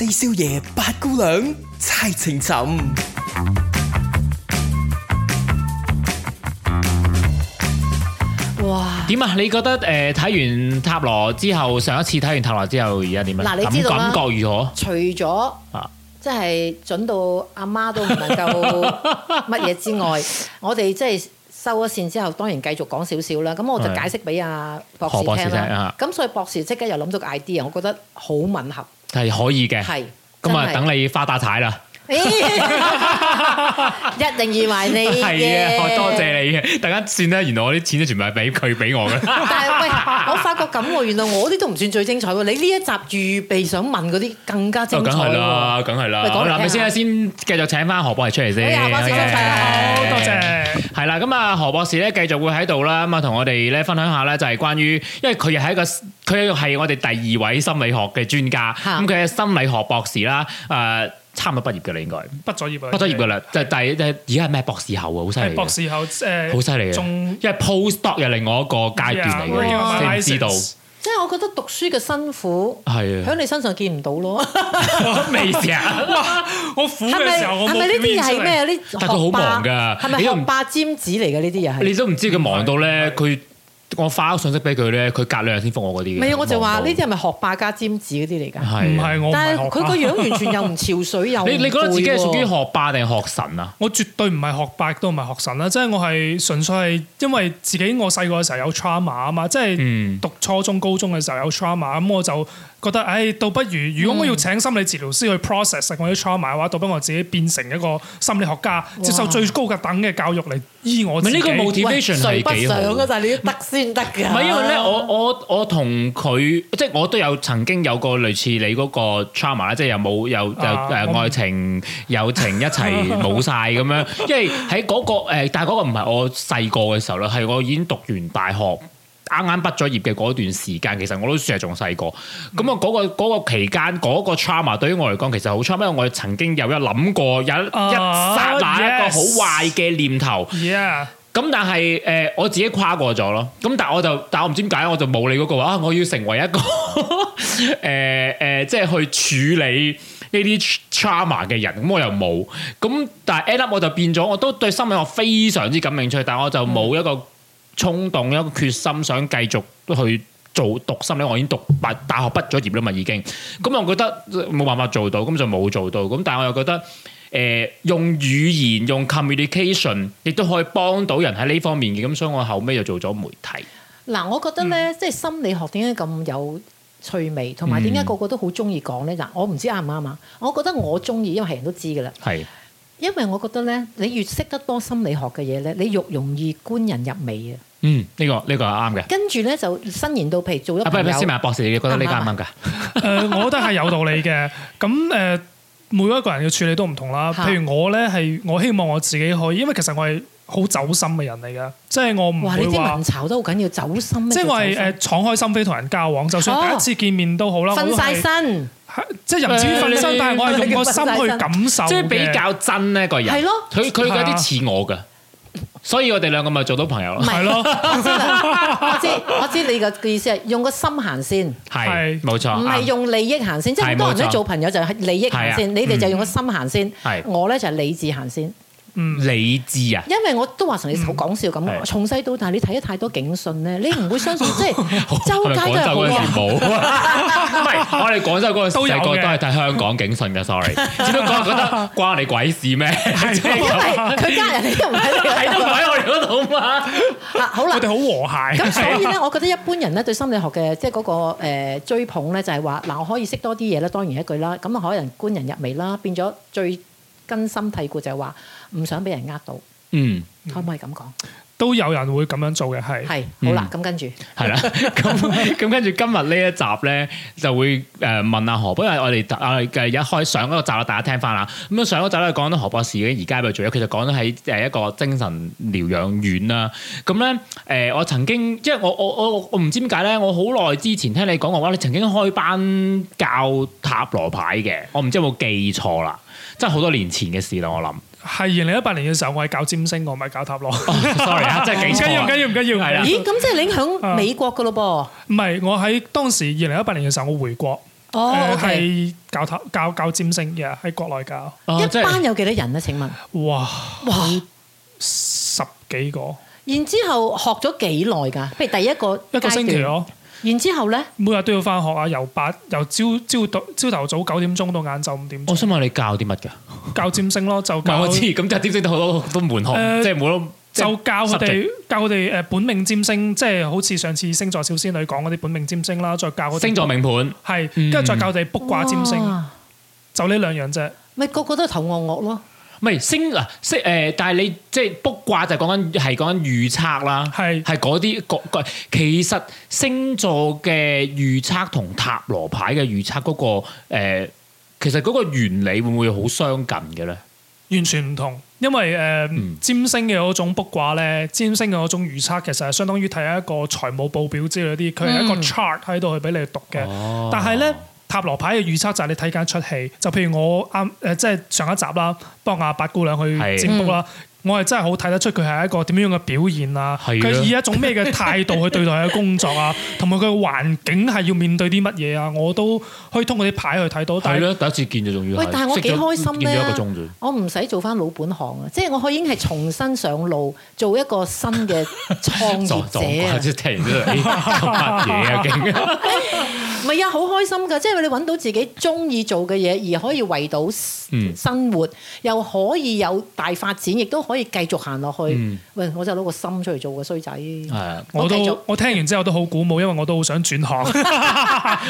四少爺、八姑娘，猜情尋。哇！點啊？你覺得誒，睇完塔羅之後，上一次睇完塔羅之後，而家點啊點樣？嗱，你知道啦。感覺如何？除咗啊，即係準到阿媽都唔能夠乜嘢之外，我哋即係收咗綫之後，當然繼續講少少啦。咁我就解釋俾阿博士聽啦。咁所以博士即刻又諗咗個 idea，我覺得好吻合。係可以嘅，咁啊是等你發大財啦。 一定要埋你啊，多謝你嘅。大家算啦，原來我啲錢都全部係俾佢俾我嘅。 但係喂，我發覺，咁原來我啲都唔算最精彩喎。你呢一集預備想問嗰啲更加精彩。哦，梗係啦，梗係啦。我諗住先啦，先繼續請翻何博士出嚟先。何博士多謝，好多謝。係啦，咁啊，何博士咧繼續會喺度啦，咁啊同我哋咧分享下咧，就係關於，因為佢又係一個，佢又係我哋第二位心理學嘅專家，咁佢係心理學博士啦，誒、呃。差唔多畢業嘅啦，應該。畢咗業，畢咗業嘅啦，就第即係而家係咩博士後啊，好犀利。博士後，誒，好犀利。仲因為 postdoc 又另外一個階段嚟嘅，先知道。即係我覺得讀書嘅辛苦，係啊，喺你身上見唔到咯。未試啊！我苦嘅時候，我冇。係咪呢啲係咩？啲，但佢好忙噶。係咪學霸尖子嚟嘅呢啲人？你都唔知佢忙到咧，佢。我發咗信息俾佢咧，佢隔兩日先覆我嗰啲嘅。唔係，我就話呢啲係咪學霸加尖子嗰啲嚟㗎？唔係的我，但係佢個樣完全又唔潮水 又。你你覺得自己係屬於學霸定係學神啊？我絕對唔係學霸，都唔係學神啦。即係我係純粹係因為自己我細個嘅時候有 trauma 啊嘛，即係讀初中、高中嘅時候有 trauma，咁、嗯、我就。覺得唉，倒不如如果我要請心理治療師去 process 我啲 trauma 嘅話，倒不如我自己變成一個心理學家，哇接受最高級等嘅教育嚟醫我。唔係呢個 motivation 係幾好？想嘅就係你得先得嘅。唔係因為咧，我我我同佢即係我都有曾經有個類似你嗰個 trauma 啦，即係又冇又又誒愛情不友情一齊冇晒咁樣。因為喺嗰、嗰個但係嗰個唔係我細個嘅時候咧，係我已經讀完大學。啱啱畢咗業嘅嗰段時間，其實我都算尚仲細個，咁啊嗰個個期間嗰、那個 trauma 對於我嚟講，其實好差，因 a 我曾經有一諗過一，有、oh, 一剎一個好壞嘅念頭，咁、oh, yes . yeah. 但係誒、呃、我自己跨過咗咯，咁但係我就但係我唔知點解，我就冇你嗰、那個話、啊，我要成為一個誒誒、 呃呃，即係去處理呢啲 trauma 嘅人，咁我又冇，咁但係 a d 我就變咗，我都對心理學非常之感興趣，但係我就冇一個。嗯衝動一個決心，想繼續去做讀心理，我已經讀畢大學畢咗業啦嘛，已經。咁我覺得冇辦法做到，咁就冇做到。咁但係我又覺得，誒、呃，用語言用 communication 亦都可以幫到人喺呢方面嘅。咁所以我後尾又做咗媒體。嗱，我覺得咧，嗯、即係心理學點解咁有趣味，同埋點解個個都好中意講咧？嗱、嗯，我唔知啱唔啱啊！我覺得我中意，因為係人都知噶啦。係是。因為我覺得咧，你越識得多心理學嘅嘢咧，你越容易觀人入微啊！嗯，呢個呢個係啱嘅。跟住咧就伸延到譬如做一有。不如先問阿博士，你覺得呢家啱啱噶？誒，我覺得係有道理嘅。咁誒，每一個人嘅處理都唔同啦。譬如我咧係，我希望我自己去，因為其實我係好走心嘅人嚟嘅，即係我唔會話你啲文炒都好緊要走心。即係我係誒敞開心扉同人交往，就算第一次見面都好啦。瞓曬身，即係至止瞓曬身，但係我係用個心去感受，即係比較真呢個人。係咯，佢佢嗰啲似我嘅。所以我哋兩個咪做到朋友咯，係咯，我知，我知，我知你個嘅意思係用個心行先，係，冇錯，唔係用利益行先，先，即係好多人做朋友就係利益行先，啊、你哋就用個心行先，係、嗯，我咧就係、是、理智行先，先。理智啊！因為我都話成你好講笑咁，從細到大你睇咗太多警訊咧，你唔會相信，即係周街都係恐怖。唔係我哋廣州嗰陣時，個都係睇香港警訊嘅。Sorry，只不過覺得關你鬼事咩？因為佢家人喺喺我哋嗰度嘛。啊，好啦，我哋好和諧。咁所以咧，我覺得一般人咧對心理學嘅即係嗰個誒追捧咧，就係話嗱，我可以識多啲嘢啦，當然一句啦，咁啊可能觀人入微啦，變咗最根深蒂固就係話唔想俾人呃到，嗯，可唔可以咁講？都有人會咁樣做嘅，係係好啦，咁、嗯、跟住係啦，咁咁跟住今日呢一集咧就會誒問阿、啊、何博士，我哋我哋誒一開上嗰集啦，大家聽翻啦，咁上嗰集咧講到何博士而家喺度做咗，其實講喺誒一個精神療養院啦，咁咧誒我曾經即係我我我我唔知點解咧，我好耐之前聽你講過話，你曾經開班教塔羅牌嘅，我唔知有冇記錯啦。真係好多年前嘅事咯，我諗係二零一八年嘅時候，我係搞占星，我唔係搞塔羅。sorry 啊，真係幾緊要，唔緊要，唔緊要係啦。咦，咁即係影響美國嘅咯噃？唔係，我喺當時二零一八年嘅時候，我回國，係搞塔搞搞占星嘅，喺國內搞。一班有幾多人咧？請問？哇哇十幾個。然之後學咗幾耐㗎？譬如第一個一個星期咯。然之後咧，每日都要翻學啊，由八由朝朝到朝頭早九點鐘到晏晝五點。我想問你教啲乜嘅？教占星咯，就教係、嗯、我知，咁即係占星都好多都門課，即係冇咯。就，是、就教佢哋聚教佢哋誒本命占星，即係好似上次星座小仙女講嗰啲本命占星啦，再教嗰星，星座命盤係，跟住再教我哋卜卦占星，嗯、就呢兩樣啫。咪個哇個都頭惡惡咯。唔係星嗱星誒，但係你即係卜卦就講緊係講緊預測啦，係係嗰啲各。其實星座嘅預測同塔羅牌嘅預測嗰個誒、呃，其實嗰個原理會唔會好相近嘅咧？完全唔同，因為誒、呃，占星嘅嗰種卜卦咧，嗯、占星嘅嗰種預測，其實係相當於睇一個財務報表之類啲，佢係一個 chart 喺度去俾你讀嘅，嗯、但係咧。嗯塔羅牌嘅預測就係你睇緊一出戲，就譬如我啱誒，即係上一集啦，幫阿八姑娘去占卜啦。是的 嗯我係真係好睇得出佢係一個點樣樣嘅表現啊！佢是的 以一種咩嘅態度去對待佢嘅工作啊，同埋佢嘅環境係要面對啲乜嘢啊？我都可以通過啲牌去睇到。係咯的，對第一次見就仲要。但係我幾開心咧！見咗一個鐘我唔使做翻老本行啊，即、就、係、是、我可已經係重新上路，做一個新嘅創作者，即係聽嘢唔係啊，好開心噶！即、就、係、是、你揾到自己中意做嘅嘢，而可以為到生活，嗯、又可以有大發展，亦都～可以繼續行落去，喂！我就攞個心出嚟做個衰仔。係啊，我都我聽完之後都好鼓舞，因為我都好想轉行。唔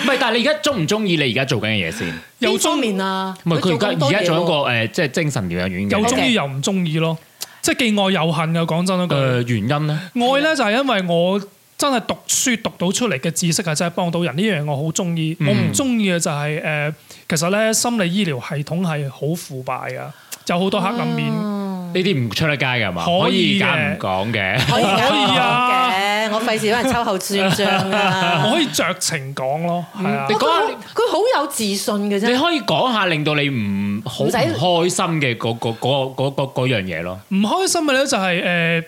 係，但係你而家中唔中意你而家做緊嘅嘢先？又中面啊？唔係，佢而家而家做一個誒，即係精神療養院又中意又唔中意咯，即係既愛又恨嘅。講真個原因咧？愛咧就係因為我真係讀書讀到出嚟嘅知識係真係幫到人，呢樣嘢我好中意。我唔中意嘅就係誒，其實咧心理醫療系統係好腐敗嘅，就好多黑暗面。呢啲唔出得街嘅係嘛？可以而家唔講嘅，可以啊！我費事畀人秋後算賬，我可以酌情講咯，係啊！佢佢好有自信嘅啫。你可以講下令到你唔好唔開心嘅嗰樣嘢咯。唔開心嘅咧就係誒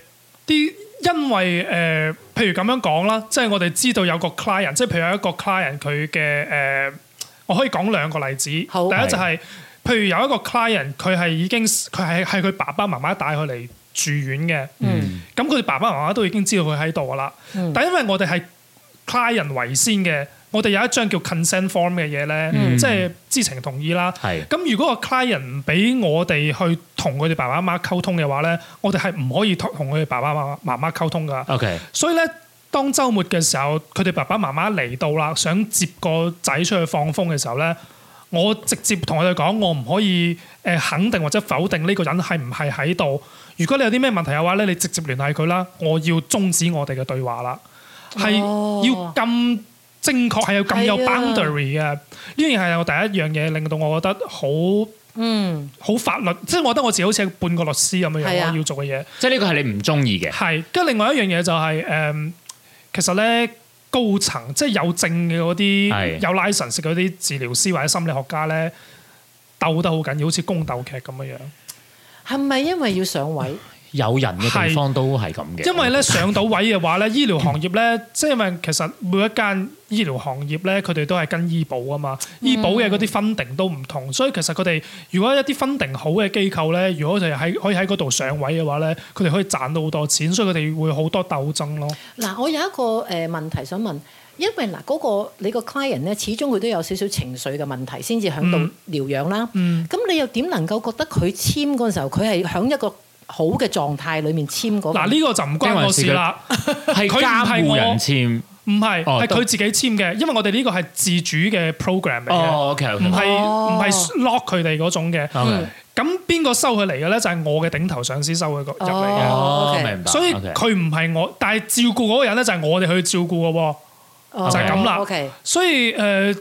啲，因為誒譬如咁樣講啦，即係我哋知道有個 client，即係譬如有一個 client 佢嘅誒，我可以講兩個例子，第一就係。譬如有一個 client，佢係已經佢係係佢爸爸媽媽帶佢嚟住院嘅。嗯。咁佢爸爸媽媽都已經知道佢喺度啦。嗯。但因為我哋係 client 為先嘅，我哋有一張叫 consent form 嘅嘢咧，嗯、即係知情同意啦。係是。咁如果個 client 唔俾我哋去同佢哋爸爸媽媽溝通嘅話咧，我哋係唔可以同佢哋爸爸媽媽媽媽溝通噶。OK。所以咧，當週末嘅時候，佢哋爸爸媽媽嚟到啦，想接個仔出去放風嘅時候咧，我直接同佢哋講，我唔可以誒肯定或者否定呢個人係唔係喺度。如果你有啲咩問題嘅話咧，你直接聯繫佢啦。我要終止我哋嘅對話啦。係、哦、要咁正確，係有咁有 boundary 嘅。呢樣係我第一樣嘢，令到我覺得好嗯好法律，即係我覺得我自己好似係半個律師咁嘅樣。是啊、要做嘅嘢，即係呢個係你唔中意嘅。係跟另外一樣嘢就係、是、誒、呃，其實咧。高層即係有證嘅嗰啲，是有 license 嘅嗰啲治療師或者心理學家咧，鬥得好緊要，好似宮鬥劇咁樣。係咪因為要上位？ 有人嘅地方是都係咁嘅，因為咧上到位嘅話咧，醫療行業咧，即係、嗯、因為其實每一間醫療行業咧，佢哋都係跟醫保啊嘛，嗯、醫保嘅嗰啲分定都唔同，所以其實佢哋如果一啲分定好嘅機構咧，如果就係喺可以喺嗰度上位嘅話咧，佢哋可以賺到好多錢，所以佢哋會好多鬥爭咯。嗱，我有一個誒問題想問，因為嗱、那、嗰個你個 client 咧，始終佢都有少少情緒嘅問題先至響度療養啦。嗯，咁、嗯、你又點能夠覺得佢簽嗰陣時候佢係響一個好嘅狀態裏面簽嗰個，嗱呢個就唔關我事啦。係佢係人簽，唔係係佢自己簽嘅，因為我哋呢個係自主嘅 program 嚟嘅，唔係唔係 lock 佢哋嗰種嘅。咁邊個收佢嚟嘅咧？就係我嘅頂頭上司收佢入嚟嘅。所以佢唔係我，但係照顧嗰個人咧就係我哋去照顧嘅喎，就係咁啦。所以誒。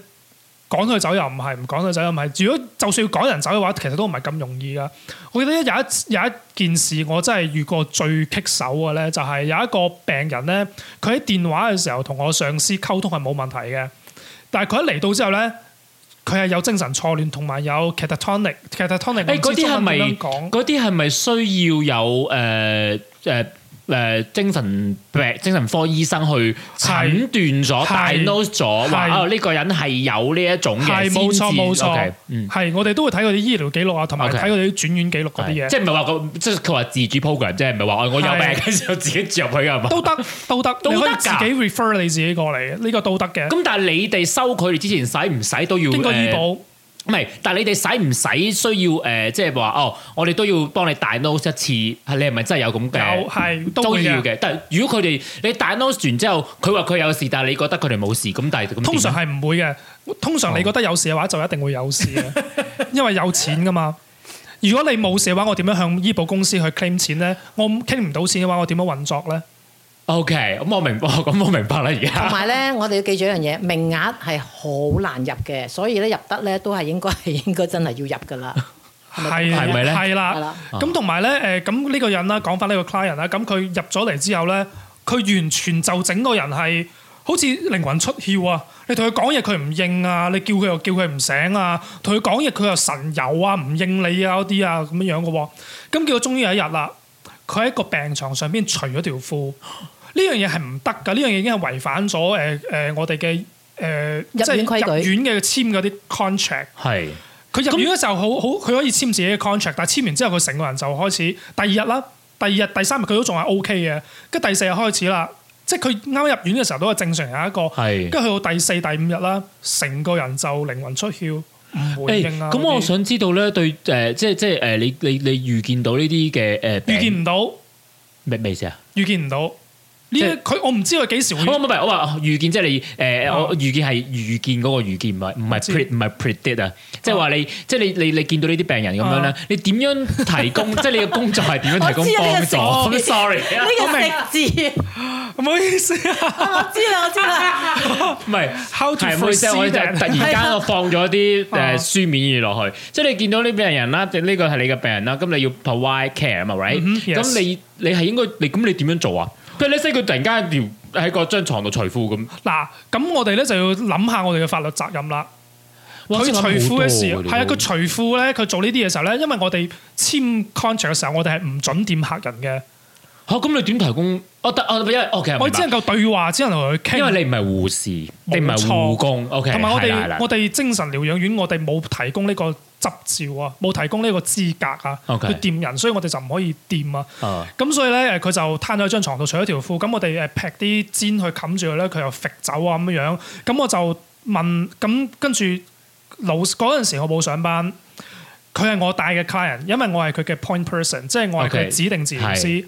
趕佢走又唔係，唔趕佢走又唔係。如果就算要趕人走嘅話，其實都唔係咁容易噶。我記得有一有一件事，我真係遇過最棘手嘅咧，就係有一個病人咧，佢喺電話嘅時候同我上司溝通係冇問題嘅，但係佢一嚟到之後咧，佢係有精神錯亂同埋有 catatonic，catatonic。誒，嗰啲係咪講？嗰啲係咪需要有誒誒？誒，精神病，精神科醫生去診斷咗、diagnose 咗，話哦呢個人係有呢一種嘅癲癇。冇錯冇錯，係我哋都會睇佢啲醫療記錄啊，同埋睇佢哋啲轉院記錄嗰啲嘢。即係唔係話個即係佢話自主 program，即係唔係話我有病嘅時候自己住入去嘅？都得都得，都可以自己 refer 你自己過嚟，呢個都得嘅。咁但係你哋收佢哋之前使唔使都要經過醫保？唔係，但係你哋使唔使需要誒、呃，即係話哦，我哋都要幫你大 note 一次，你係咪真係有咁計？有係都要嘅。但係如果佢哋你大 note 完之後，佢話佢有事，但係你覺得佢哋冇事，咁但係通常係唔會嘅。通常你覺得有事嘅話，就一定會有事嘅， 因為有錢噶嘛。如果你冇事嘅話，我點樣向醫保公司去 claim 錢咧？我 claim 唔到錢嘅話，我點樣運作咧？O K，咁我明白，咁我明白啦。而家同埋咧，我哋要記住一樣嘢，名額係好難入嘅，所以咧入得咧都係應該係應該真係要入噶啦。係咪？係咪咧？係啦，咁同埋咧，誒咁呢個人啦，講翻呢個 client 啦，咁佢入咗嚟之後咧，佢完全就整個人係好似靈魂出竅啊！你同佢講嘢佢唔應啊，你叫佢又叫佢唔醒啊，同佢講嘢佢又神遊啊，唔應你啊嗰啲啊咁樣樣嘅喎。咁結果終於有一日啦，佢喺個病床上邊除咗條褲。呢樣嘢係唔得噶，呢樣嘢已經係違反咗誒誒我哋嘅誒入院規矩。入院嘅簽嗰啲 contract 係佢入院嘅時候好好，佢可以簽自己嘅 contract，但係簽完之後佢成個人就開始第二日啦，第二日第，第三日佢都仲係 OK 嘅，跟住第四日開始啦，即係佢啱入院嘅時候都係正常有一個係，跟住是去到第四第五日啦，成個人就靈魂出竅，唔回應啊！咁、欸、我想知道咧，對誒、呃，即係、呃、即係誒、呃，你你你，你遇見、呃呃、預見到呢啲嘅誒預見唔到咩咩意思啊？預見唔到。呢？佢我唔知佢幾時。唔唔係，我話預見即係你誒，我預見係預見嗰個預見，唔係唔係 predict 啊！即係話你，即係你你你見到呢啲病人咁樣咧，你點樣提供？即係你嘅工作係點樣提供幫助？sorry，呢個名字，唔好意思，啊。我知啦，我知啦。唔係，係唔好意思，我就突然間我放咗啲誒書面嘢落去。即係你見到呢啲病人啦，呢個係你嘅病人啦。咁你要 provide care 啊嘛 right？咁你你係應該，你咁你點樣做啊？即係呢先，佢突然間條喺個張床度除褲咁。嗱，咁我哋咧就要諗下我哋嘅法律責任啦。佢除褲嘅時候，係啊說，佢除褲咧，佢做呢啲嘢時候咧，因為我哋簽 contract 嘅時候，我哋係唔准掂客人嘅。哦，咁、啊、你點提供？我得我因為，我只能夠對話，只能同佢傾。因為你唔係護士，錯你唔係護工。O K，同埋我哋 yeah, yeah. 我哋精神療養院，我哋冇提供呢個執照啊，冇提供呢個資格啊。O Okay . K，去墊人，所以我哋就唔可以掂啊。咁、oh. 所以咧，誒，佢就攤咗張床度，除咗條褲，咁我哋誒劈啲氈去冚住佢咧，佢又搣走啊咁樣。咁我就問，咁跟住老嗰陣時我冇上班，佢係我帶嘅 client，因為我係佢嘅 point person，即係 Okay. 我係佢指定治療師。Okay.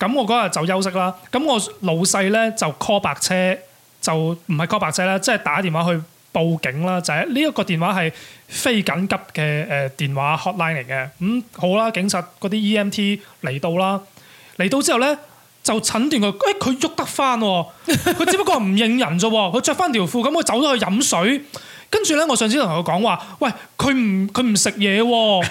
咁我嗰日就休息啦。咁我老細咧就 call 白車，就唔係 call 白車啦，即係打電話去報警啦。就喺呢一個電話係非緊急嘅誒電話 hotline 嚟嘅。咁好啦，警察嗰啲 EMT 嚟到啦，嚟到之後咧就診斷佢，誒佢喐得翻，佢只不過唔認人咋，佢着翻條褲咁，佢走咗去飲水。跟住咧，我上次同佢講話，喂，佢唔佢唔食嘢。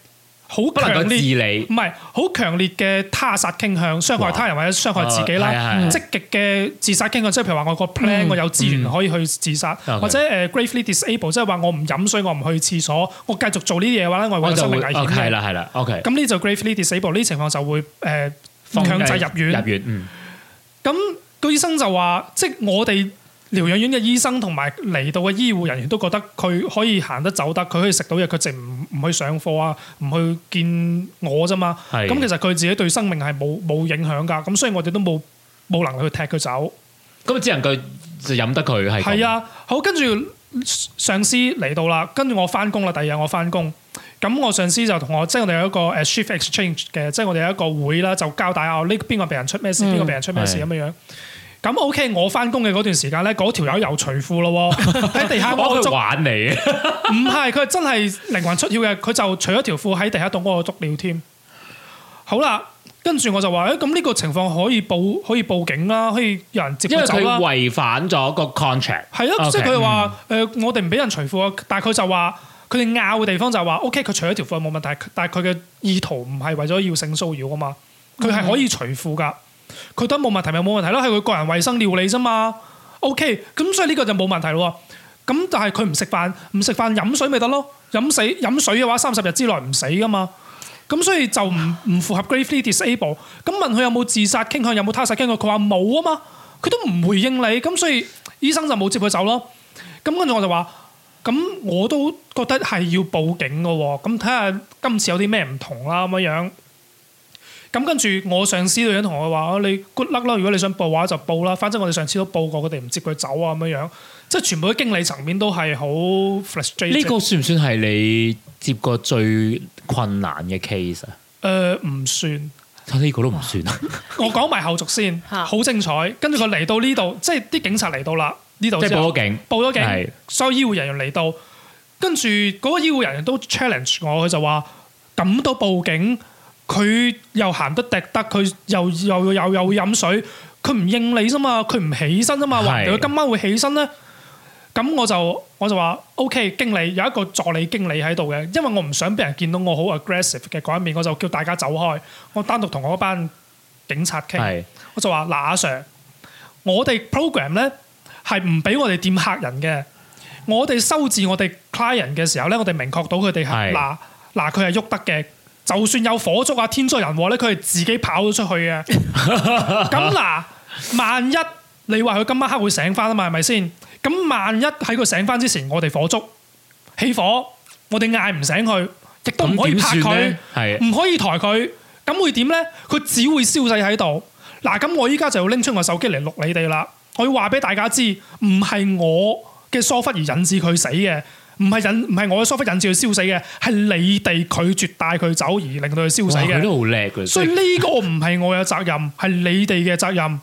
好不強烈，唔係好強烈嘅他殺傾向，傷害他人或者傷害自己啦。嗯、積極嘅自殺傾向，即係譬如話我個 plan，、嗯、我有資源、嗯、可以去自殺，嗯、或者誒 gravely disable，即係話我唔飲水，我唔去廁所，我繼續做呢啲嘢嘅話咧，我會有生命危險嘅。係啦係啦，OK disabled,、嗯。咁呢就 gravely disable 呢啲情況就會誒強制入院。嗯、入院，嗯。咁個醫生就話，即係我哋。療養院嘅醫生同埋嚟到嘅醫護人員都覺得佢可以行得走得，佢可以食到嘢，佢直唔唔去上課啊，唔去見我啫嘛。咁是的 其實佢自己對生命係冇冇影響㗎。咁所以我哋都冇冇能力去踢佢走。咁啊，只能夠就飲得佢係。係啊，好，跟住上司嚟到啦，跟住我翻工啦，第二日我翻工。咁我上司就同我，即係我哋有一個誒 shift exchange 嘅，即係我哋有一個會啦，就交代啊，呢邊個病人出咩事，邊個病人出咩事咁樣樣。咁 OK，我翻工嘅嗰段時間咧，嗰條友又除褲咯喎，喺 地下度，個足玩你，唔係佢真係靈魂出竅嘅，佢就除咗條褲喺地下度嗰個足尿添。好啦，跟住我就話：，誒、欸，咁呢個情況可以報可以報警啦，可以有人接佢走啦，因為佢違反咗個 contract，係咯，即係佢話誒，我哋唔俾人除褲，但係佢就話佢哋拗嘅地方就話 OK，佢除咗條褲冇問題，但係佢嘅意圖唔係為咗要性騷擾啊嘛，佢係可以除褲噶。嗯佢都冇問題咪冇問題咯，係佢個人衞生料理啫嘛。OK，咁所以呢個就冇問題咯。咁但係佢唔食飯，唔食飯飲水咪得咯。飲水飲水嘅話，三十日之內唔死噶嘛。咁所以就唔唔符合 gravely disabled。咁問佢有冇自殺傾向，有冇他殺傾向，佢話冇啊嘛。佢都唔回應你。咁所以醫生就冇接佢走咯。咁跟住我就話：，咁我都覺得係要報警嘅。咁睇下今次有啲咩唔同啦、啊，咁樣。咁跟住我上司嗰人同我話：你 good luck 啦，如果你想報嘅話就報啦，反正我哋上次都報過，佢哋唔接佢走啊咁樣樣，即係全部嘅經理層面都係好 frustrated。呢個算唔算係你接過最困難嘅 case 啊？誒、呃，唔算。睇呢個都唔算。 我講埋後續先，好精彩。跟住佢嚟到呢度，即係啲警察嚟到啦，呢度即係報咗警，報咗警，是所有醫護人員嚟到，跟住嗰個醫護人員都 challenge 我，佢就話：咁都報警？佢又行得趯得，佢又又又又飲水，佢唔應你啫嘛？佢唔起身咋嘛？話佢今晚會起身咧，咁是的 我就我就話 OK，經理有一個助理經理喺度嘅，因為我唔想俾人見到我好 aggressive 嘅嗰一面，我就叫大家走開，我單獨同我班警察傾，我就話嗱，阿 Sir，我哋 program 咧係唔俾我哋掂客人嘅，我哋收治我哋 client 嘅時候咧，我哋明確到佢哋係嗱嗱佢係喐得嘅。的就算有火燭啊，天災人禍咧，佢係自己跑咗出去嘅。咁 嗱，萬一你話佢今晚黑會醒翻啊嘛，係咪先？咁萬一喺佢醒翻之前，我哋火燭起火，我哋嗌唔醒佢，亦都唔可以拍佢，唔可以抬佢，咁是的 會點呢？佢只會燒死喺度。嗱，咁我依家就要拎出我手機嚟錄你哋啦。我要話俾大家知，唔係我嘅疏忽而引致佢死嘅。唔係引唔係我嘅疏忽引致佢燒死嘅，係你哋拒絕帶佢走而令到佢燒死嘅。都好叻，所以呢個唔係我嘅責任，係 你哋嘅責任。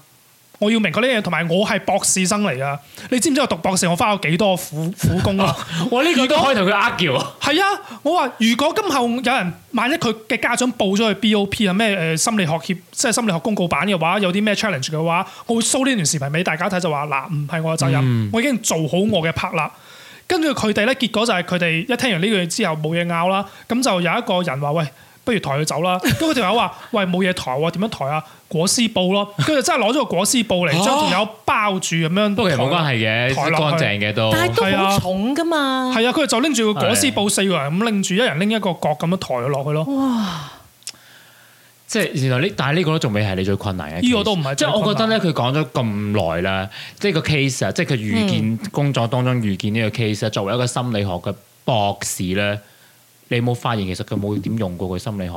我要明確呢樣，同埋我係博士生嚟噶。你知唔知我讀博士我花咗幾多苦苦功咯、啊？我呢、啊這個都果可以同佢呃叫。係啊，我話如果今後有人，萬一佢嘅家長報咗去 BOP 啊咩誒心理學協，即、就、係、是、心理學公告版嘅話，有啲咩 challenge 嘅話，我會 show 呢段視頻俾大家睇，就話嗱，唔係我嘅責任，嗯、我已經做好我嘅 part 啦。跟住佢哋咧，結果就係佢哋一聽完呢句之後冇嘢拗啦，咁就有一個人話：喂，不如抬佢走啦。咁佢條友話：喂，冇嘢抬喎，點樣抬啊？果絲布咯，佢 就真係攞咗個果絲布嚟將條友包住咁樣。不過、啊、其實冇關係嘅，抬落去乾淨嘅都，但係都好重噶嘛。係啊，佢、啊、就拎住個果絲布四個、個人咁拎住，一人拎一個角咁樣抬佢落去咯。的即係原來呢，但係呢個都仲未係你最困難嘅。呢個都唔係，即係我覺得咧，佢講咗咁耐啦，即係個 case 啊，即係佢遇見工作當中遇見呢個 case 啊，作為一個心理學嘅博士咧，你有冇發現其實佢冇點用過佢心理學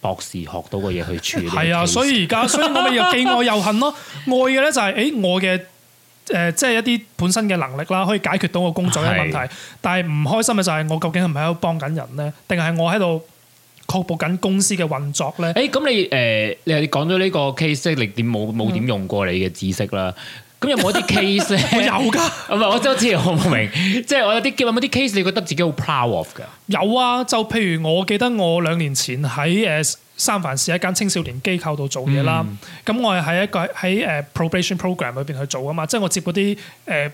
博士學到嘅嘢去處理？係啊，個所以而家， 所以我咪又既愛又恨咯。愛嘅咧就係、是、誒、欸、我嘅誒，即、呃、係、就是、一啲本身嘅能力啦，可以解決到我工作嘅問題。是的 但係唔開心嘅就係我究竟係唔係喺度幫緊人咧，定係我喺度，確保緊公司嘅運作咧，誒咁、欸、你誒、呃、你講咗呢個 case，即你點冇冇點用過你嘅知識啦？咁有冇一啲 case？ 我有噶的， 唔係我真係好唔明，即係我有啲叫有冇啲 case，你覺得自己好 power of 嘅？有啊，就譬如我記得我兩年前喺誒三藩市一間青少年機構度做嘢啦，咁、嗯、我係喺一個喺誒 probation program 裏邊去做啊嘛，即、就、係、是、我接嗰啲誒。呃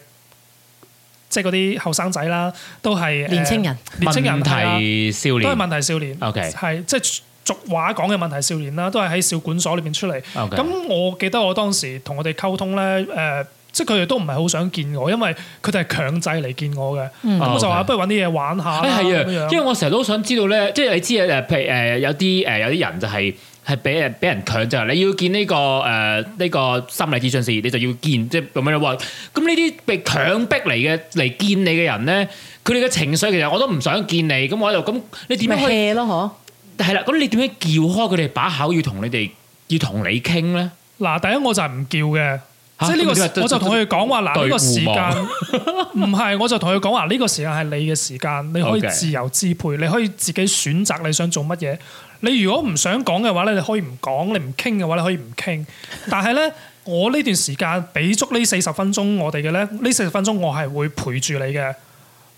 即係嗰啲後生仔啦，都係年青人，年青人係少年，都係問題少年。OK，係即係俗話講嘅問題少年啦 Okay.、就是，都係喺少管所裏邊出嚟。咁 Okay. 我記得我當時同我哋溝通咧，誒、呃，即係佢哋都唔係好想見我，因為佢哋係強制嚟見我嘅。咁、嗯、我就話不如揾啲嘢玩下。誒啊、嗯，嗯哎、因為我成日都想知道咧，即、就、係、是、你知誒，譬如誒有啲誒有啲人就係、是。啊係俾人俾人強制，你要見呢個誒呢個心理諮詢師，你就要見，即係咁樣咯。咁呢啲被強迫嚟嘅嚟見你嘅人咧，佢哋嘅情緒其實我都唔想見你。咁我又咁，你點樣？咪 hea 咯，嗬？係啦，咁你點樣撬開佢哋把口，要同你哋要同你傾咧？嗱，第一我就係唔叫嘅，即係呢個我就同佢講話嗱，呢個時間唔係， 我就同佢講話呢個時間係你嘅時間，你可以自由支配，你可以自己選擇你想做乜嘢。你如果唔想講嘅話咧，你可以唔講；你唔傾嘅話，你可以唔傾。但係咧， 我呢段時間俾足呢四十分鐘我哋嘅咧，呢四十分鐘我係會陪住你嘅。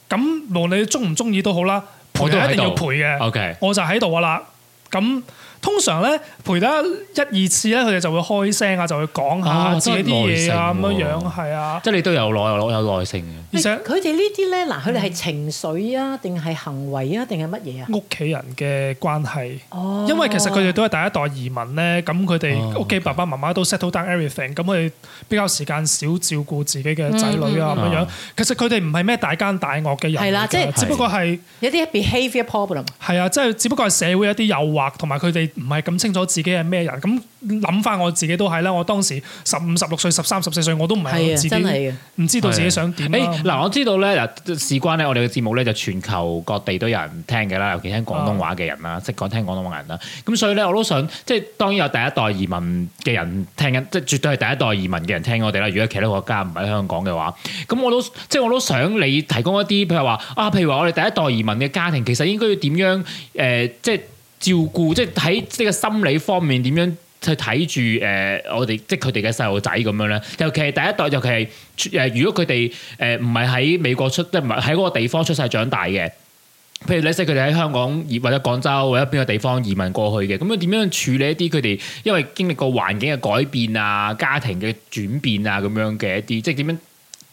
咁無論你中唔中意都好啦，陪都一定要陪嘅。O K，我就喺度啊啦。咁 okay。通常咧陪得一二次咧，佢哋就會開聲啊，就會講下自己啲嘢啊咁樣樣，係啊。即係你都有耐有耐性嘅。而且佢哋呢啲咧，嗱，佢哋係情緒啊，定係行為啊，定係乜嘢啊？屋企人嘅關係。哦。因為其實佢哋都係第一代移民咧，咁佢哋屋企爸爸媽媽都 settle down everything，咁佢哋比較時間少照顧自己嘅仔女啊咁樣樣。其實佢哋唔係咩大奸大惡嘅人嚟㗎，只不過係有啲 behavior problem。係啊，即係只不過係社會一啲誘惑同埋佢哋。唔係咁清楚自己係咩人，咁諗翻我自己都係啦。我當時十五、十六歲、十三、十四歲，我都唔係自己唔知道自己想點啊。誒，嗱、欸以，我知道咧，嗱，事關咧，我哋嘅節目咧，就全球各地都有人聽嘅啦，尤其聽廣東話嘅人啦，識講、哦、聽廣東話人啦。咁所以咧，我都想即係當然有第一代移民嘅人聽緊，即係絕對係第一代移民嘅人聽我哋啦。如果其他國家唔喺香港嘅話，咁我都即係我都想你提供一啲，譬如話啊，譬如話我哋第一代移民嘅家庭，其實應該要點樣誒、呃，即係。照顧即係喺呢個心理方面點樣去睇住誒我哋即係佢哋嘅細路仔咁樣咧，尤其係第一代，尤其係誒、呃、如果佢哋誒唔係喺美國出，即係唔係喺嗰個地方出世長大嘅，譬如你識佢哋喺香港或者廣州或者邊個地方移民過去嘅，咁樣點樣處理一啲佢哋因為經歷過環境嘅改變啊、家庭嘅轉變啊咁樣嘅一啲，即係點樣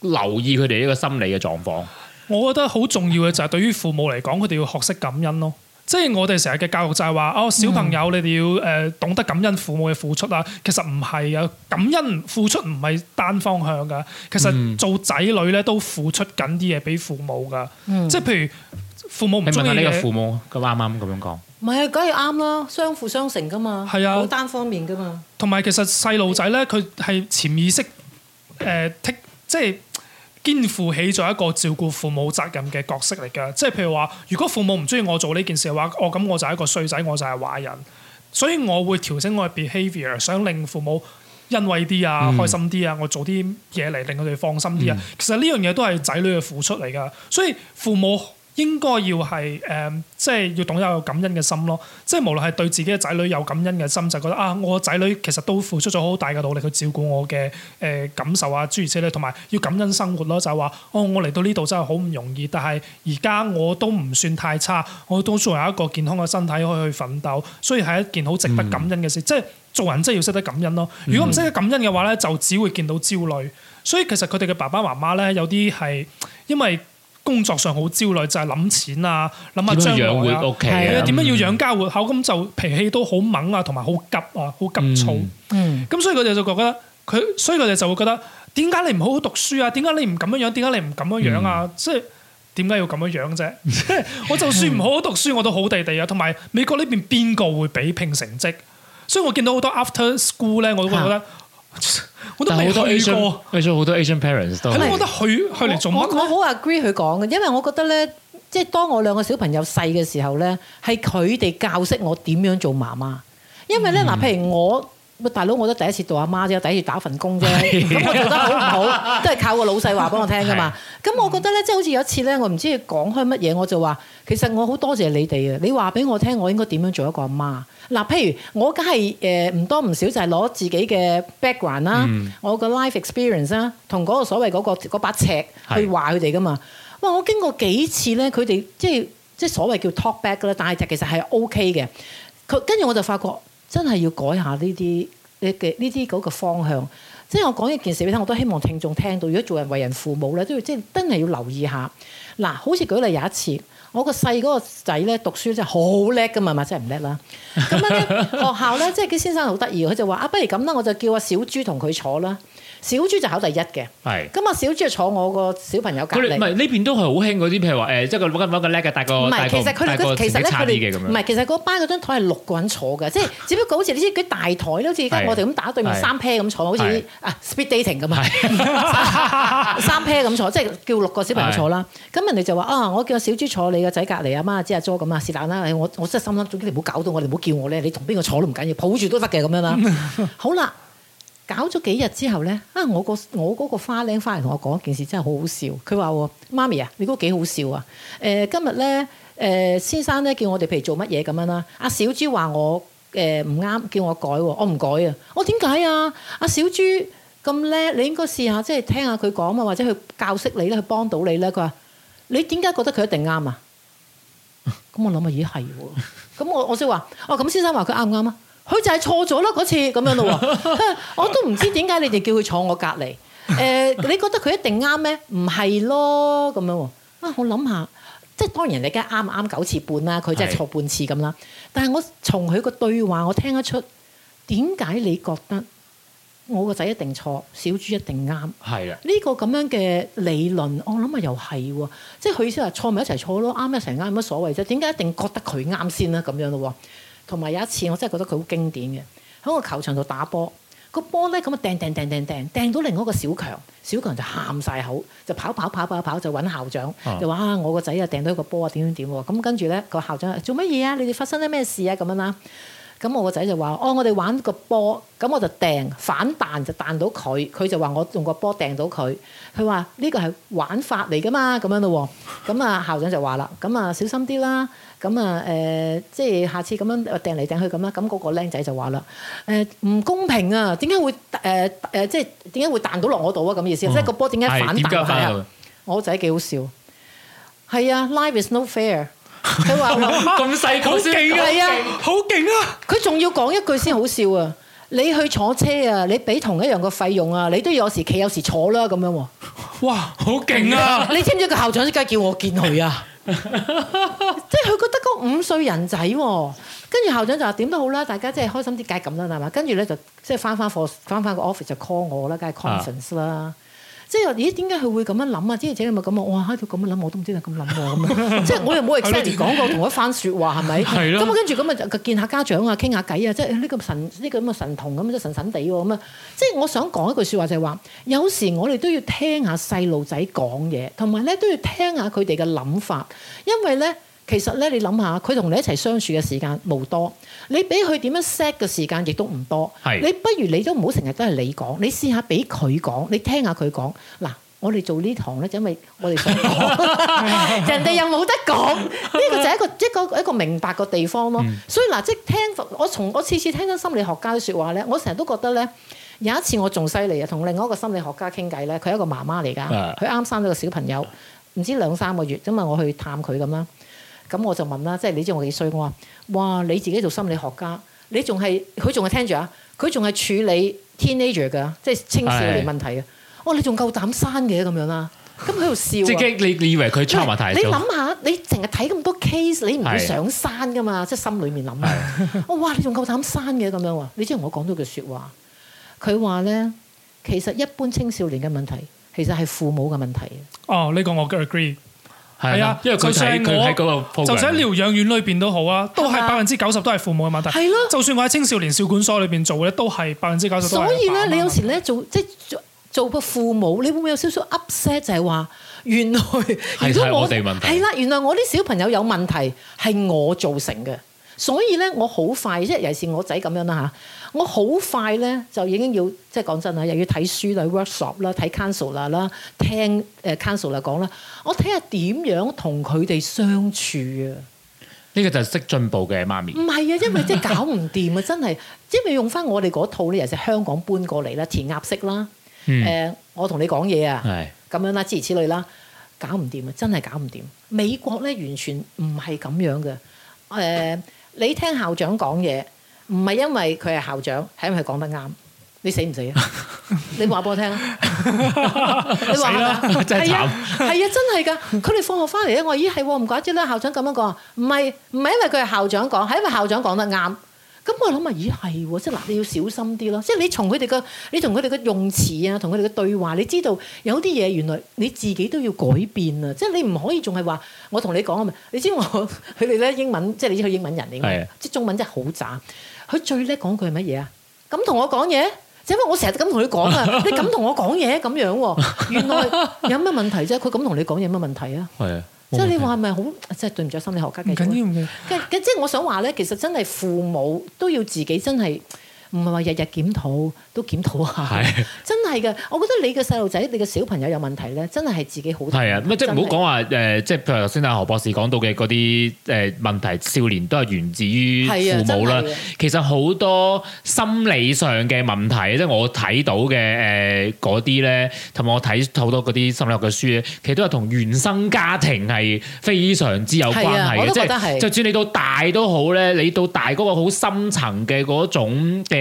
留意佢哋呢個心理嘅狀況？我覺得好重要嘅就係對於父母嚟講，佢哋要學識感恩咯。即係我哋成日嘅教育就係話哦，小朋友你哋要誒懂得感恩父母嘅付出啊，其實唔係啊，感恩付出唔係單方向噶，其實做仔女咧都付出緊啲嘢俾父母噶，嗯、即係譬如父母唔中意，你問下你嘅父母佢啱啱咁樣講？唔係，梗係啱啦，相輔相成噶嘛，係啊，好單方面噶嘛。同埋其實細路仔咧，佢係潛意識誒剔、呃，即係。肩負起咗一個照顧父母責任嘅角色嚟㗎，即係譬如話，如果父母唔中意我做呢件事嘅話，我、哦、咁我就係一個衰仔，我就係壞人，所以我會調整我嘅 behaviour，想令父母欣慰啲啊，嗯、開心啲啊，我做啲嘢嚟令佢哋放心啲啊。嗯、其實呢樣嘢都係仔女嘅付出嚟㗎，所以父母，應該要係誒、呃，即係要懂得有感恩嘅心咯。即係無論係對自己嘅仔女有感恩嘅心，就覺得啊，我仔女其實都付出咗好大嘅努力去照顧我嘅誒、呃、感受啊，諸如此類。同埋要感恩生活咯，就係、是、話哦，我嚟到呢度真係好唔容易，但係而家我都唔算太差，我都仲有一個健康嘅身體可以去奮鬥，所以係一件好值得感恩嘅事。嗯、即係做人真係要識得感恩咯。如果唔識得感恩嘅話咧，就只會見到焦慮。所以其實佢哋嘅爸爸媽媽咧，有啲係因為工作上好焦慮就係、是、諗錢啊，諗下將來啊，點樣、啊、的樣要養家活口咁、嗯、就脾氣都好猛啊，同埋好急啊，好急躁。咁、嗯、所以佢哋就覺得佢，所以佢哋就會覺得點解你唔好好讀書啊？點解你唔咁樣？點解你唔咁樣啊？即係點解要咁樣啫、啊？ 我就算唔好好讀書，我都好地地啊。同埋美國呢邊邊個會比拼成績？所以我見到好多 after school 咧，我都覺得。啊 我都未去過，Asian，過，所以好多 Asian parents 都。係我覺得去去嚟仲。我好 agree 佢講嘅，因為我覺得咧，即係當我兩個小朋友細嘅時候咧，係佢哋教識我點樣做媽媽，因為咧嗱，嗯、譬如我。大佬我都第一次做阿媽啫，第一次打份工啫。咁我覺得好唔好，都係靠個老細話俾我聽噶嘛。咁我覺得咧，即係好似有一次咧，我唔知佢講開乜嘢，我就話其實我好多謝你哋啊。你話俾我聽，我應該點樣做一個阿媽？嗱，啊，譬如我梗係誒唔多唔少，就係攞自己嘅 background 啦，嗯，我個 life experience 啦，同嗰個所謂嗰個把尺去話佢哋噶嘛。是哇！我經過幾次咧，佢哋即係即係所謂叫 talk back 啦，但係其實係 OK 嘅。佢跟住我就發覺。真係要改下呢啲嘅呢啲嗰個方向。即係我講一件事俾你聽，我都希望聽眾聽到。如果做人為人父母咧，都要即係真係要留意下。嗱、啊，好似舉例有一次，我個細嗰個仔咧，讀書真係好叻㗎嘛，咪真係唔叻啦。咁樣咧學校咧，即係啲先生好得意，佢就話：啊，不如咁啦，我就叫阿小豬同佢坐啦。小豬就考第一嘅，咁啊是的 小豬就坐我個小朋友隔籬，唔係呢邊都係好興嗰啲，譬如話誒、欸，即係揾緊揾緊叻嘅大哥。唔係其實佢哋其實唔係其實嗰班嗰張台係六個人坐嘅，即係 只不過好似你知佢、那個、大台咧，好似而家我哋咁打對面三 pair 咁坐，好似 是的 啊 speed dating 咁啊 三 pair 咁坐，即係叫六個小朋友坐啦。咁 是的 人哋就話啊，我叫小豬坐你個仔隔離啊，媽啊，姐啊 j 咁啊，是但啦，我我，我真係心諗，總之你唔好搞到我你唔好叫我咧，你同邊個坐都唔緊要，抱住都得嘅咁樣啦。 好啦。搞咗幾日之後咧，啊！我個我嗰個花僆翻嚟同我講一件事，真係好好笑。佢話：喎媽咪啊，你嗰個幾好笑啊！誒，今日咧，誒，先生咧叫我哋譬如做乜嘢咁樣啦。阿小豬話我誒唔啱，叫我改，我唔改啊。我點解啊？阿小豬咁叻，你應該試下，即係聽下佢講啊，或者佢教識你咧，去幫到你咧。佢話：你點解覺得佢一定啱啊？咁我諗啊，咦係喎？咁我我先話，哦咁，先生話佢啱唔啱啊？佢就係錯咗咯，嗰次咁樣咯， 我都唔知點解你哋叫佢坐我隔離。誒、 呃，你覺得佢一定啱咩？唔係咯，咁樣。啊，我諗下，即係當然你梗係啱唔啱九次半啦，佢真係錯半次咁啦。是的 但係我從佢個對話，我聽得出點解你覺得我個仔一定錯，小豬一定啱。係啦，呢個咁樣嘅理論，我諗啊又係喎，即係佢意思話錯咪一齊錯咯，啱一成啱有乜所謂啫？點解一定覺得佢啱先啦？咁樣咯。同埋有一次，我真係覺得佢好經典嘅，喺個球場度打波，個波咧咁啊掟掟掟掟掟掟到另外一個小強，小強就喊晒口，就跑跑跑跑跑就揾校長，就話、嗯、啊我個仔啊掟到一個波啊點點點喎，咁跟住咧個校長做乜嘢啊？你哋發生咗咩事啊？咁樣啦，咁我個仔就話哦，我哋玩個波，咁我就掟反彈就彈到佢，佢就話我用個波掟到佢，佢話呢個係玩法嚟噶嘛，咁樣咯喎、哦，咁啊校長就話啦，咁啊小心啲啦。咁啊，誒，即係下次咁樣掟嚟掟去咁啦。咁嗰個靚仔就話啦，誒，唔公平啊！點解會誒誒，即係點解會彈到落我度啊？咁意思，即係個波點解反彈？我仔幾好笑，係啊，live is no fair。佢話咁細好勁係啊，好勁啊！佢仲要講一句先好笑啊！你去坐車啊，你俾同一樣嘅費用啊，你都有時企有時坐啦，咁樣喎。哇，好勁啊！你知唔知個校長而家叫我見佢啊？ 即係佢覺得嗰五歲人仔喎，啊，跟住校長就話點都好啦，大家即係開心啲，梗係咁啦，係嘛？跟住咧就即係翻翻課，返返個 office 就 call 我啦，梗係 conference 啦。即係咦？點解佢會咁樣諗啊？即係而且咪咁話，喺度咁樣諗我都唔知係咁諗喎。咁啊， 即係我又冇 exactly 講過同一番説話係咪？咁啊，跟住咁啊，就見下家長啊，傾下偈啊。即係呢個神呢個咁嘅神童咁，即係神神地喎。咁啊，即係我想講一句説話就係話，有時我哋都要聽下細路仔講嘢，同埋咧都要聽下佢哋嘅諗法，因為咧。其實咧，你諗下，佢同你一齊相處嘅時間無多，你俾佢點樣 set 嘅時間亦都唔多。是你不如你不都唔好成日都係你講，你試下俾佢講，你聽下佢講。嗱，我哋做堂呢堂咧，就因為我哋想講， 人哋又冇得講，呢、這個就係一個一個一個明白嘅地方咯。嗯、所以嗱，即係聽我從我次次聽到心理學家啲説話咧，我成日都覺得咧，有一次我仲犀利啊，同另外一個心理學家傾偈咧，佢係一個媽媽嚟噶，佢啱的生咗個小朋友，唔知兩三個月，咁啊，我去探佢咁啦。咁我就問啦，即係你知我幾衰？我話：哇，你自己做心理學家，你仲係佢仲係聽住啊？佢仲係處理 teenager 嘅，即係青少年問題啊！是的 哦，你仲夠膽生嘅咁樣啦？咁佢喺度笑。即係 你以為佢冇問題？你諗下，你成日睇咁多 case，你唔會想生噶嘛？是的 即係心裏面諗啊！我話是的 你仲夠膽生嘅咁樣喎？你知唔知我講咗句説話？佢話咧，其實一般青少年嘅問題，其實係父母嘅問題。哦，呢個我 agree。係啊，因為佢就喺度，就算喺療養院裏邊都好啊，都係百分之九十都係父母嘅問題。係咯的，就算我喺青少年少管所裏邊做咧，都係百分之九十。所以咧，你有時咧做即係做個父母，你會唔會有少少 upset？就係話原來如果的我係啦，原來我啲小朋友有問題係我造成嘅，所以咧我好快，即係尤其係我仔咁樣啦吓。我好快咧就已經要即係講真啦，又要睇書啦、workshop 啦、睇 counselor 啦、聽誒 counselor 講啦，我睇下點樣同佢哋相處啊？呢個就係識進步嘅媽咪。唔係啊，因為即係搞唔掂啊， 真係因為用翻我哋嗰套咧，尤其是香港搬過嚟啦，填鴨式啦。誒、嗯呃，我同你講嘢啊，咁是樣啦，諸如此類啦，搞唔掂啊，真係搞唔掂。美國咧完全唔係咁樣嘅。誒、呃，你聽校長講嘢。唔係因為佢係校長，係因為佢講得啱。你死唔死啊？你話畀我聽啊！你話係啊？真係慘，係 啊，真係噶。佢哋放學翻嚟咧，我咦係，唔怪之啦，校長咁樣講。唔係唔係因為佢係校長講，係因為校長講得啱。咁我諗啊，咦係喎！即嗱，你要小心啲咯。即你從佢哋個，你同佢哋嘅用詞啊，同佢哋嘅對話，你知道有啲嘢原來你自己都要改變啊！即你唔可以仲係話我同你講啊嘛。你知我佢哋咧英文，即你知佢英文人嚟嘅，係啊。即中文真係好渣。佢最叻講句係乜嘢啊？咁同我講嘢，因為我成日都咁同佢講啊，你咁同我講嘢咁樣喎，原來有咩問題啫？佢咁同你講嘢有乜問題啊？係啊。即係你話係咪好？即係對唔住，心理學家要緊要嘅。即要即即係我想話咧，其實真係父母都要自己真係。唔係話日日檢討都檢討下，真係嘅。我覺得你嘅細路仔、你嘅小朋友有問題咧，真係係自己好。係啊，咁即係唔好講話誒，即係譬如頭先阿何博士講到嘅嗰啲誒問題，少年都係源自於父母啦。其實好多心理上嘅問題，即係我睇到嘅誒嗰啲咧，同埋我睇好多嗰啲心理學嘅書咧，其實都係同原生家庭係非常之有關係嘅。即係就算你到大都好咧，你到大嗰個好深層嘅嗰種嘅。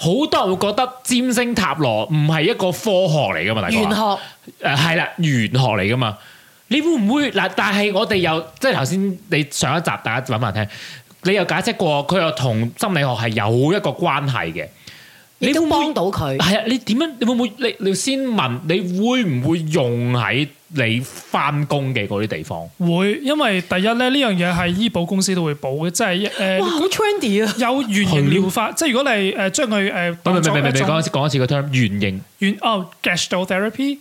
好多人會覺得占星塔羅唔係一個科學嚟噶嘛，玄學誒係啦，玄、呃、學嚟噶嘛，你會唔會嗱？但係我哋又即係頭先你上一集，大家諗下聽，你又解釋過佢又同心理學係有一個關係嘅。你都幫到佢係啊！你點對樣？對你會唔會？你對 你先問你會唔會用喺你返工嘅嗰啲地方？會，因為第一咧，呢樣嘢係醫保公司都會補嘅，即係誒好 trendy 啊！有圓形療法，了即係如果你誒將佢誒，唔係唔係唔係講一次講一次，個 term 圓形哦 gestalt therapy。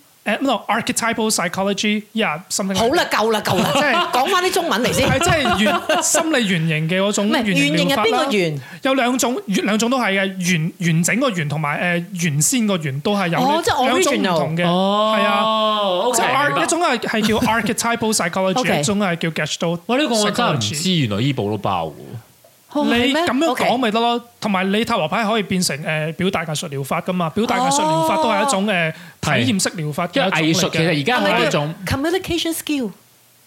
archetypal psychology，依家心理好啦，夠啦，夠啦，即係講翻啲中文嚟先，即係圓心理原型嘅嗰種原型啊，邊個圓？有兩種，兩種都係嘅，完完整個圓同埋誒原先個圓都係有，即係兩種唔同嘅，係啊，一種係係叫 archetypal psychology，一種係叫 gestalt。我呢個我真係唔知，原來醫保都爆㗎。Oh, 你咁樣講咪得咯，同埋 Okay. 你塔羅牌可以變成誒表達藝術療法噶嘛？表達藝術療法都係一種誒體驗式療法，因為嗎其實而家係一種是是 communication skill，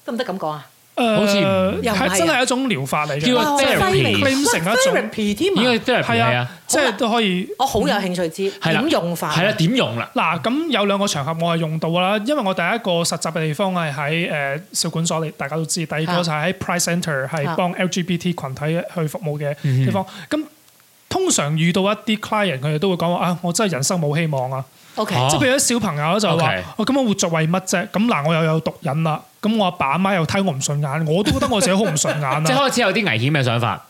得唔得咁講啊？好似係真係一種療法嚟，叫即 therapy，claim 成一種係啊，即係都可以。我好有興趣知點用法，係啦，點用啦？嗱，咁有兩個場合我係用到啦，因為我第一個實習嘅地方係喺誒少管所，你大家都知；第二個就係喺 Price Center 係幫 LGBT 群體去服務嘅地方。咁通常遇到一啲 client，佢哋都會講話啊，我真係人生冇希望啊。OK，即係譬如啲小朋友就話：咁我活着為乜啫？咁嗱，我又有毒癮啦。咁我阿爸阿媽又睇我唔順眼，我都覺得我自己好唔順眼啊！即係開始有啲危險嘅想法，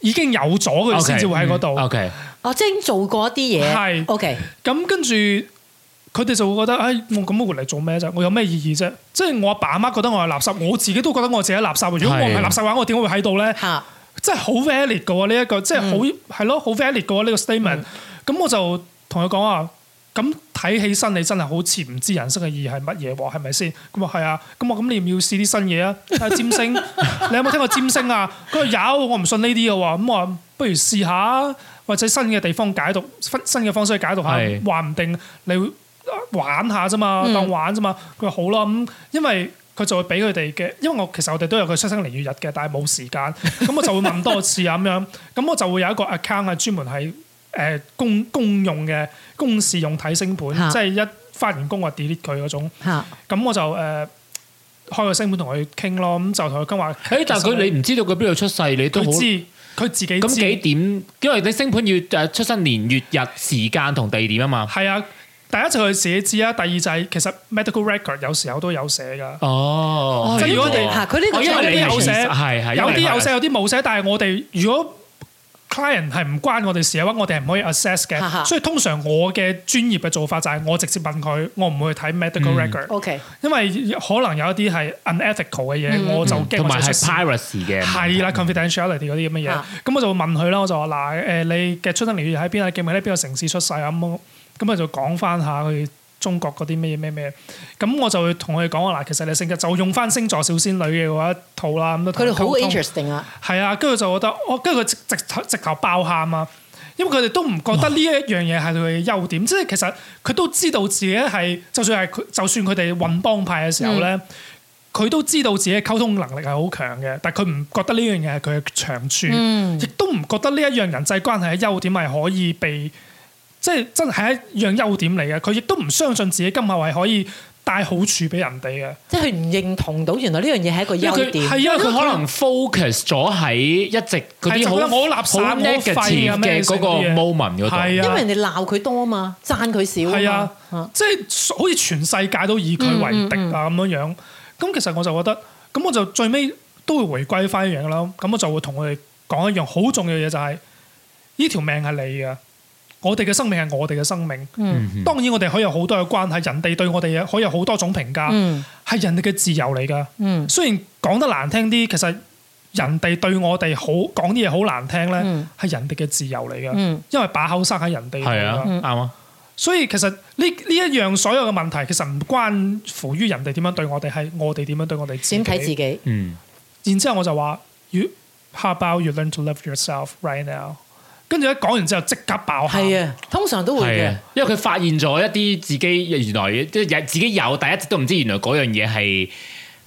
已經有咗佢先至會喺嗰度。OK，我即係做過一啲嘢。係 OK，咁跟住佢哋就會覺得，哎，我咁樣活嚟做咩啫？我有咩意義啫？即係我阿爸阿媽覺得我係垃圾，我自己都覺得我自己係垃圾。如果我唔係垃圾話，我點會喺度咧？吓， 即係好 valid 嘅呢一個，即係好係咯，好 valid 嘅呢個 statement。咁、嗯、我就同佢講啊。咁睇起身，你真係好似唔知人生嘅意義係乜嘢喎？係咪先？咁啊係啊！咁我咁你要唔要試啲新嘢啊？睇下占星，你有冇聽過占星啊？佢話有，我唔信呢啲嘅喎。咁我不如試下，或者新嘅地方解讀，新嘅方式去解讀下，話唔是定你會玩下啫嘛，當玩啫嘛。佢話、嗯、好啦、啊，咁、嗯、因為佢就會俾佢哋嘅，因為我其實我哋都有個出生年月日嘅，但係冇時間，咁我就會問多次啊，咁樣，咁我就會有一個 account 係專門喺。誒公公用嘅公事用睇星盤，即係一發完工話 delete 佢嗰種。咁我就誒開個星盤同佢傾咯，咁就同佢講話。誒，但係佢你唔知道佢邊度出世，你都知佢自己。咁幾點？因為你星盤要誒出生年月日時間同地點啊嘛。係啊，第一就係自己知啊，第二就係其實 medical record 有時候都有寫噶。哦，即係如果我哋，佢呢個因為你有寫，係係有啲有寫，有啲冇寫，但係我哋如果。client 係唔關我哋事嘅話，我哋係唔可以 assess 哈哈嘅。所以通常我嘅專業嘅做法就係我直接問佢，我唔會去睇 medical record，嗯。Okay，因為可能有一啲係 unethical 嘅嘢，我就驚同埋係 piracy 嘅。係啦，confidentiality 嗰啲咁嘅嘢，咁我就問佢啦。我就話嗱，誒你嘅出生年月喺邊啊？記唔記得喺邊個城市出世啊？咁咁我就講翻下佢。中國嗰啲咩咩咩，咁我就會同佢哋講啊嗱，其實你性格就用翻星座小仙女嘅嗰一套啦咁都。佢哋好 interesting 啊，係啊，跟住就覺得哦跟住佢直直直頭爆喊啊，因為佢哋都唔覺得呢一樣嘢係佢嘅優點，哇即係其實佢都知道自己係，就算係佢就算佢哋混幫派嘅時候咧，佢、嗯、都知道自己嘅溝通能力係好強嘅，但係佢唔覺得呢樣嘢係佢嘅長處，亦、嗯、都唔覺得呢一樣人際關係嘅優點係可以被。即係真係一樣優點嚟嘅，佢亦都唔相信自己今後係可以帶好處俾人哋嘅。即係佢唔認同到，原來呢樣嘢係一個優點，係因為佢、啊、可能 focus 咗喺一直嗰啲好我垃圾嘅錢嘅嗰個 moment 嗰度，因為人哋鬧佢多啊嘛，讚佢少嘛啊，啊即係好似全世界都以佢為敵啊咁樣樣。咁其實我就覺得，咁我就最尾都會回歸翻一樣咯。咁我就會同佢哋講一樣好重要嘅嘢，就係呢條命係你嘅。就是我哋嘅生命係我哋嘅生命，mm hmm. 當然我哋可以有好多嘅關係，人哋對我哋可以有好多種評價，係、mm hmm. 人哋嘅自由嚟噶。Mm hmm. 雖然講得難聽啲，其實人哋對我哋好講啲嘢好難聽咧，係、mm hmm. 人哋嘅自由嚟噶。Mm hmm. 因為把口生喺人哋度啦，啱啊、mm。Hmm. 所以其實呢呢一樣所有嘅問題，其實唔關乎於人哋點樣對我哋，係我哋點樣對我哋自己。先睇自己嗯，然之後我就話，You how about you learn to love yourself right now？跟住一講完之後即刻爆喊，係啊，通常都會嘅，因為佢發現咗一啲自己原來即係自己有，但一直都唔知原來嗰樣嘢係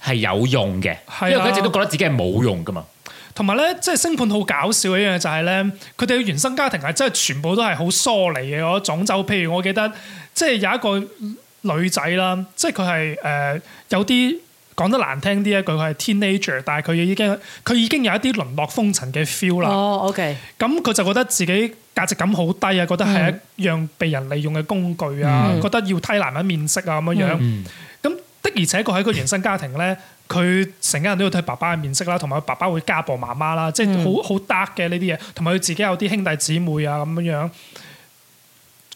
係有用嘅，的因為佢一直都覺得自己係冇用噶嘛。同埋咧，即係星盤好搞笑一樣嘢就係、是、咧，佢哋嘅原生家庭係真係全部都係好疏離嘅嗰種，就譬如我記得即係、就是、有一個女仔啦，即係佢係誒有啲。講得難聽啲一句，佢係 teenager，但係佢已經佢已經有一啲淪落風塵嘅 feel 啦。哦，OK。咁佢就覺得自己價值感好低啊，嗯、覺得係一樣被人利用嘅工具啊，嗯、覺得要睇男人面色啊咁樣。咁、嗯、的而且確喺佢原生家庭咧，佢成家人都要睇爸爸嘅面色啦、啊，同埋佢爸爸會家暴媽媽啦，即係好好 dark 嘅呢啲嘢。同埋佢自己有啲兄弟姊妹啊咁樣樣，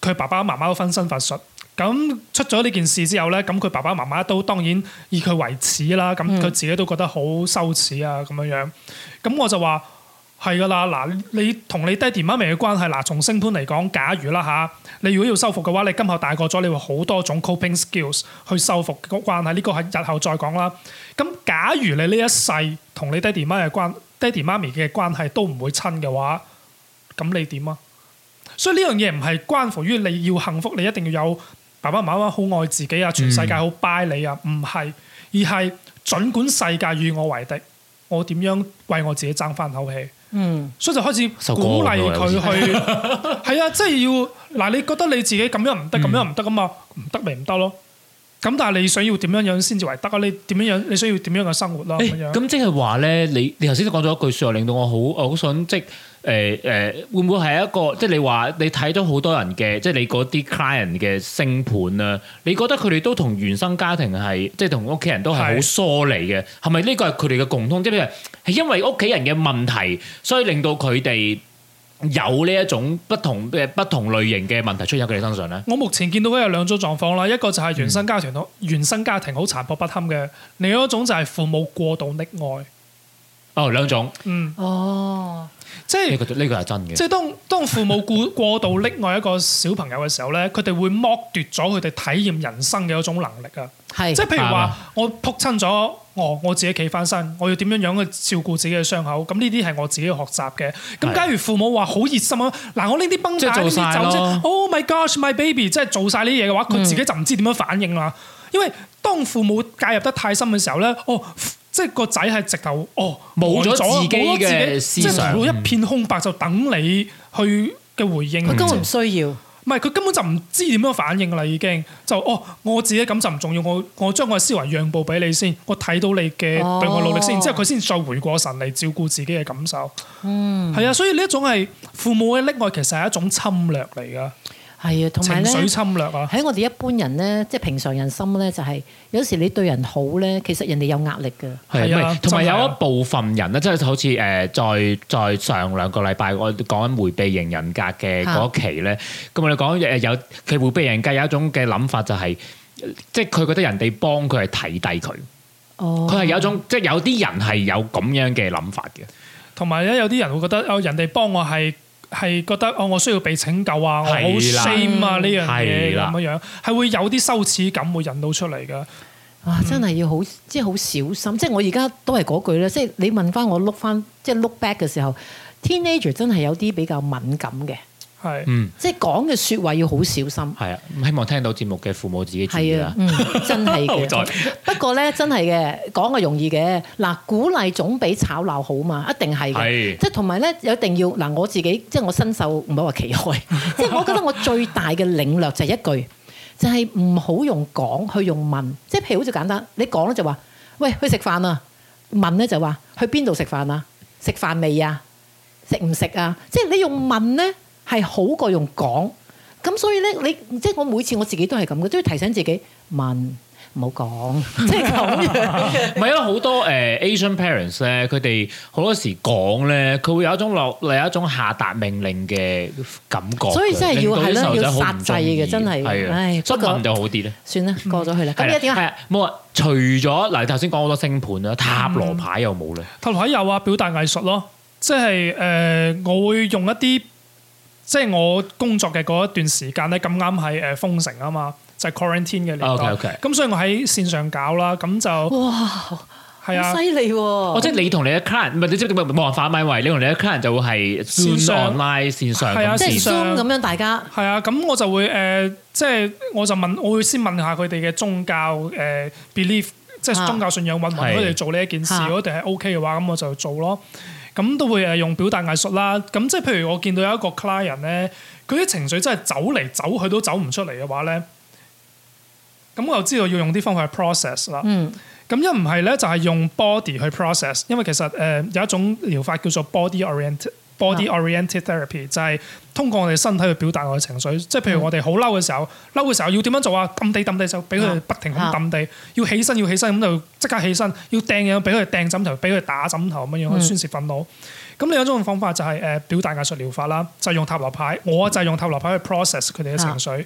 佢爸爸媽媽都分身乏術。咁出咗呢件事之後咧，咁佢爸爸媽媽都當然以佢為恥啦。咁佢自己都覺得好羞恥啊，咁樣樣。咁我就話係噶啦，嗱，你同你爹哋媽咪嘅關係，嗱，從升盤嚟講，假如啦嚇、啊，你如果要修復嘅話，你今後大個咗，你會好多種 coping skills 去修復個關係。呢、這個係日後再講啦。咁假如你呢一世同你爹哋媽咪嘅關爹哋媽咪嘅關係都唔會親嘅話，咁你點啊？所以呢樣嘢唔係關乎於你要幸福，你一定要有。爸爸媽媽好愛自己啊，全世界好拜你啊，唔係、嗯，而係儘管世界與我為敵，我點樣為我自己爭翻口氣？嗯，所以就開始鼓勵佢去，係 啊，即、就、係、是、要嗱，你覺得你自己咁樣唔得，咁、嗯、樣唔得啊嘛？唔得咪唔得咯。咁但係你想要點樣樣先至為得啊？你點樣樣？你需要點樣嘅生活啊？咁、欸、即係話咧，你你頭先都講咗一句說話，令到我好，我好想即係。誒誒、欸欸，會唔會係一個即係、就是、你話你睇咗好多人嘅，即、就、係、是、你嗰啲 client 嘅星盤啊？你覺得佢哋都同原生家庭係，即係同屋企人都係好疏離嘅，係咪呢個係佢哋嘅共通？即係係因為屋企人嘅問題，所以令到佢哋有呢一種不同嘅不同類型嘅問題出現喺佢哋身上咧？我目前見到嘅有兩種狀況啦，一個就係原生家庭、嗯、原生家庭好殘破不堪嘅，另一種就係父母過度溺愛。哦，兩種，嗯，哦，即係是呢、這個呢係、這個、真嘅。即係當當父母過過度溺愛一個小朋友嘅時候咧，佢哋 會剝奪咗佢哋體驗人生嘅一種能力啊。係是，即係譬如話，的我撲親咗我，我自己企翻身，我要點樣樣去照顧自己嘅傷口。咁呢啲係我自己學習嘅。咁假如父母話好熱心的啊，嗱，我拎啲繃帶、啲酒精，Oh my God, my baby！即係做晒呢啲嘢嘅話，佢、嗯、自己就唔知點樣反應啦。因為當父母介入得太深嘅時候咧，哦。哦。即係個仔係直頭哦，冇咗自己嘅，己嗯、即係冇一片空白，就等你去嘅回應。佢根本唔需要，唔係佢根本就唔知點樣反應啦。已經就哦，我自己感受唔重要，我我將我嘅思維讓步俾你先，我睇到你嘅對我努力先，哦、之後佢先再回過神嚟，照顧自己嘅感受。嗯，係啊，所以呢一種係父母嘅溺愛，其實係一種侵略嚟噶。係啊，同情緒侵略啊，喺我哋一般人咧，即係平常人心咧，就係有時你對人好咧，其實人哋有壓力嘅。係啊，同埋有一部分人咧，即係好似誒，在在上兩個禮拜我講緊迴避型人格嘅嗰期咧，咁我哋講誒有佢迴避型人格有一種嘅諗法，就係即係佢覺得人哋幫佢係睇低佢。哦，佢係有一種即係有啲人係有咁樣嘅諗法嘅。同埋咧，有啲人會覺得哦，人哋幫我係。係覺得哦，我需要被拯救啊，的我好 s 啊呢的樣嘢咁樣樣，係會有啲羞恥感會引到出嚟噶。哇、啊，真係要好，即係好小心。嗯、即係我而家都係嗰句咧，即係你問翻我碌翻，即係碌 back 嘅時候，teenager 真係有啲比較敏感嘅。係，嗯，即係講嘅說話要好小心。係啊，希望聽到節目嘅父母自己注意啦。嗯，真係。好在，不過咧，真係嘅講係容易嘅嗱，鼓勵總比吵鬧好嘛，一定係嘅。係，即係同埋咧，有一定要嗱，我自己即係我身受唔好話奇害，即係我覺得我最大嘅領略就係一句，就係唔好用講去用問，即係譬如好似簡單，你講咧就話喂去食飯啊，問咧就話去邊度食飯啊，食飯未啊，食唔食啊，即係你用問咧。係好過用講，咁所以咧，你即係我每次我自己都係咁嘅，都要提醒自己問，唔好講，即係咁樣。唔係因為好多誒，Asian parents 咧，佢哋好多時講咧，佢會有一種落，有一種下達命令嘅感覺。所以真係要係啦，要殺制嘅，真係。係啊，不過就好啲咧。算啦，過咗去啦。今日點啊？冇啊！除咗嗱，頭先講好多星盤啦，塔羅牌又冇咧。塔羅牌有啊，表達藝術咯，即係誒，我會用一啲。即係我工作嘅嗰一段時間咧，咁啱係誒封城啊嘛，就係 quarantine 嘅年代。咁所以我喺線上搞啦，咁就哇，係啊，犀利。哦，即係你同你嘅 client，唔係你即係冇辦法，因為你同你嘅 client 就會係線上，線上，係啊，即係咁樣大家，係啊，咁我就會，誒即係我就問，我會先問下佢哋嘅宗教 belief，即係宗教信仰允唔允許佢哋做呢一件事，如果佢哋係 ok 嘅話，咁我就做咯。咁都會誒用表達藝術啦，咁即係譬如我見到有一個 client 咧，佢啲情緒真係走嚟走去都走唔出嚟嘅話咧，咁我就知道要用啲方法去 process 啦。嗯，咁一唔係咧就係用 body 去 process，因為其實誒有一種療法叫做 body oriented。body oriented therapy 就係通過我哋身體去表達我嘅情緒，即係譬如我哋好嬲嘅時候，嬲嘅時候要點樣做啊？揼地揼地，丟地就俾佢哋不停咁揼地，地、嗯要，要起身要起身咁就即刻起身，要掟嘢俾佢哋掟枕頭，俾佢哋打枕頭咁樣去宣泄憤怒。咁、嗯、另外一種方法就係誒表達藝術療法啦，就係、用塔羅牌，我就用塔羅牌去 process 佢哋嘅情緒。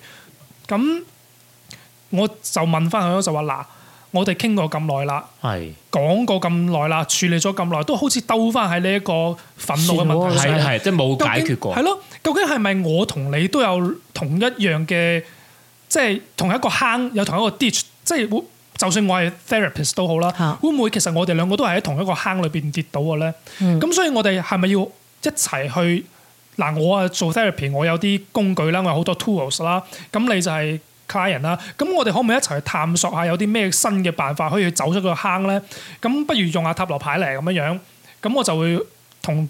咁、嗯、我就問翻佢咯，就話嗱。我哋傾過咁耐啦，係講過咁耐啦，處理咗咁耐，都好似兜翻喺呢一個憤怒嘅問題，係係，係即冇解決過，係咯？究竟係咪我同你都有同一樣嘅，即係同一個坑，有同一個 ditch，即係會就算我係 therapist 都好啦，係會唔會其實我哋兩個都係喺同一個坑裏邊跌倒嘅咧？咁、嗯、所以我哋係咪要一齊去嗱、呃？我啊做 therapy，我有啲工具啦，我有好多 tools 啦，咁你就係。客人啦，咁我哋可唔可以一齊去探索下有啲咩新嘅辦法可以走出個坑咧？咁不如用下塔羅牌嚟咁樣樣，咁我就會同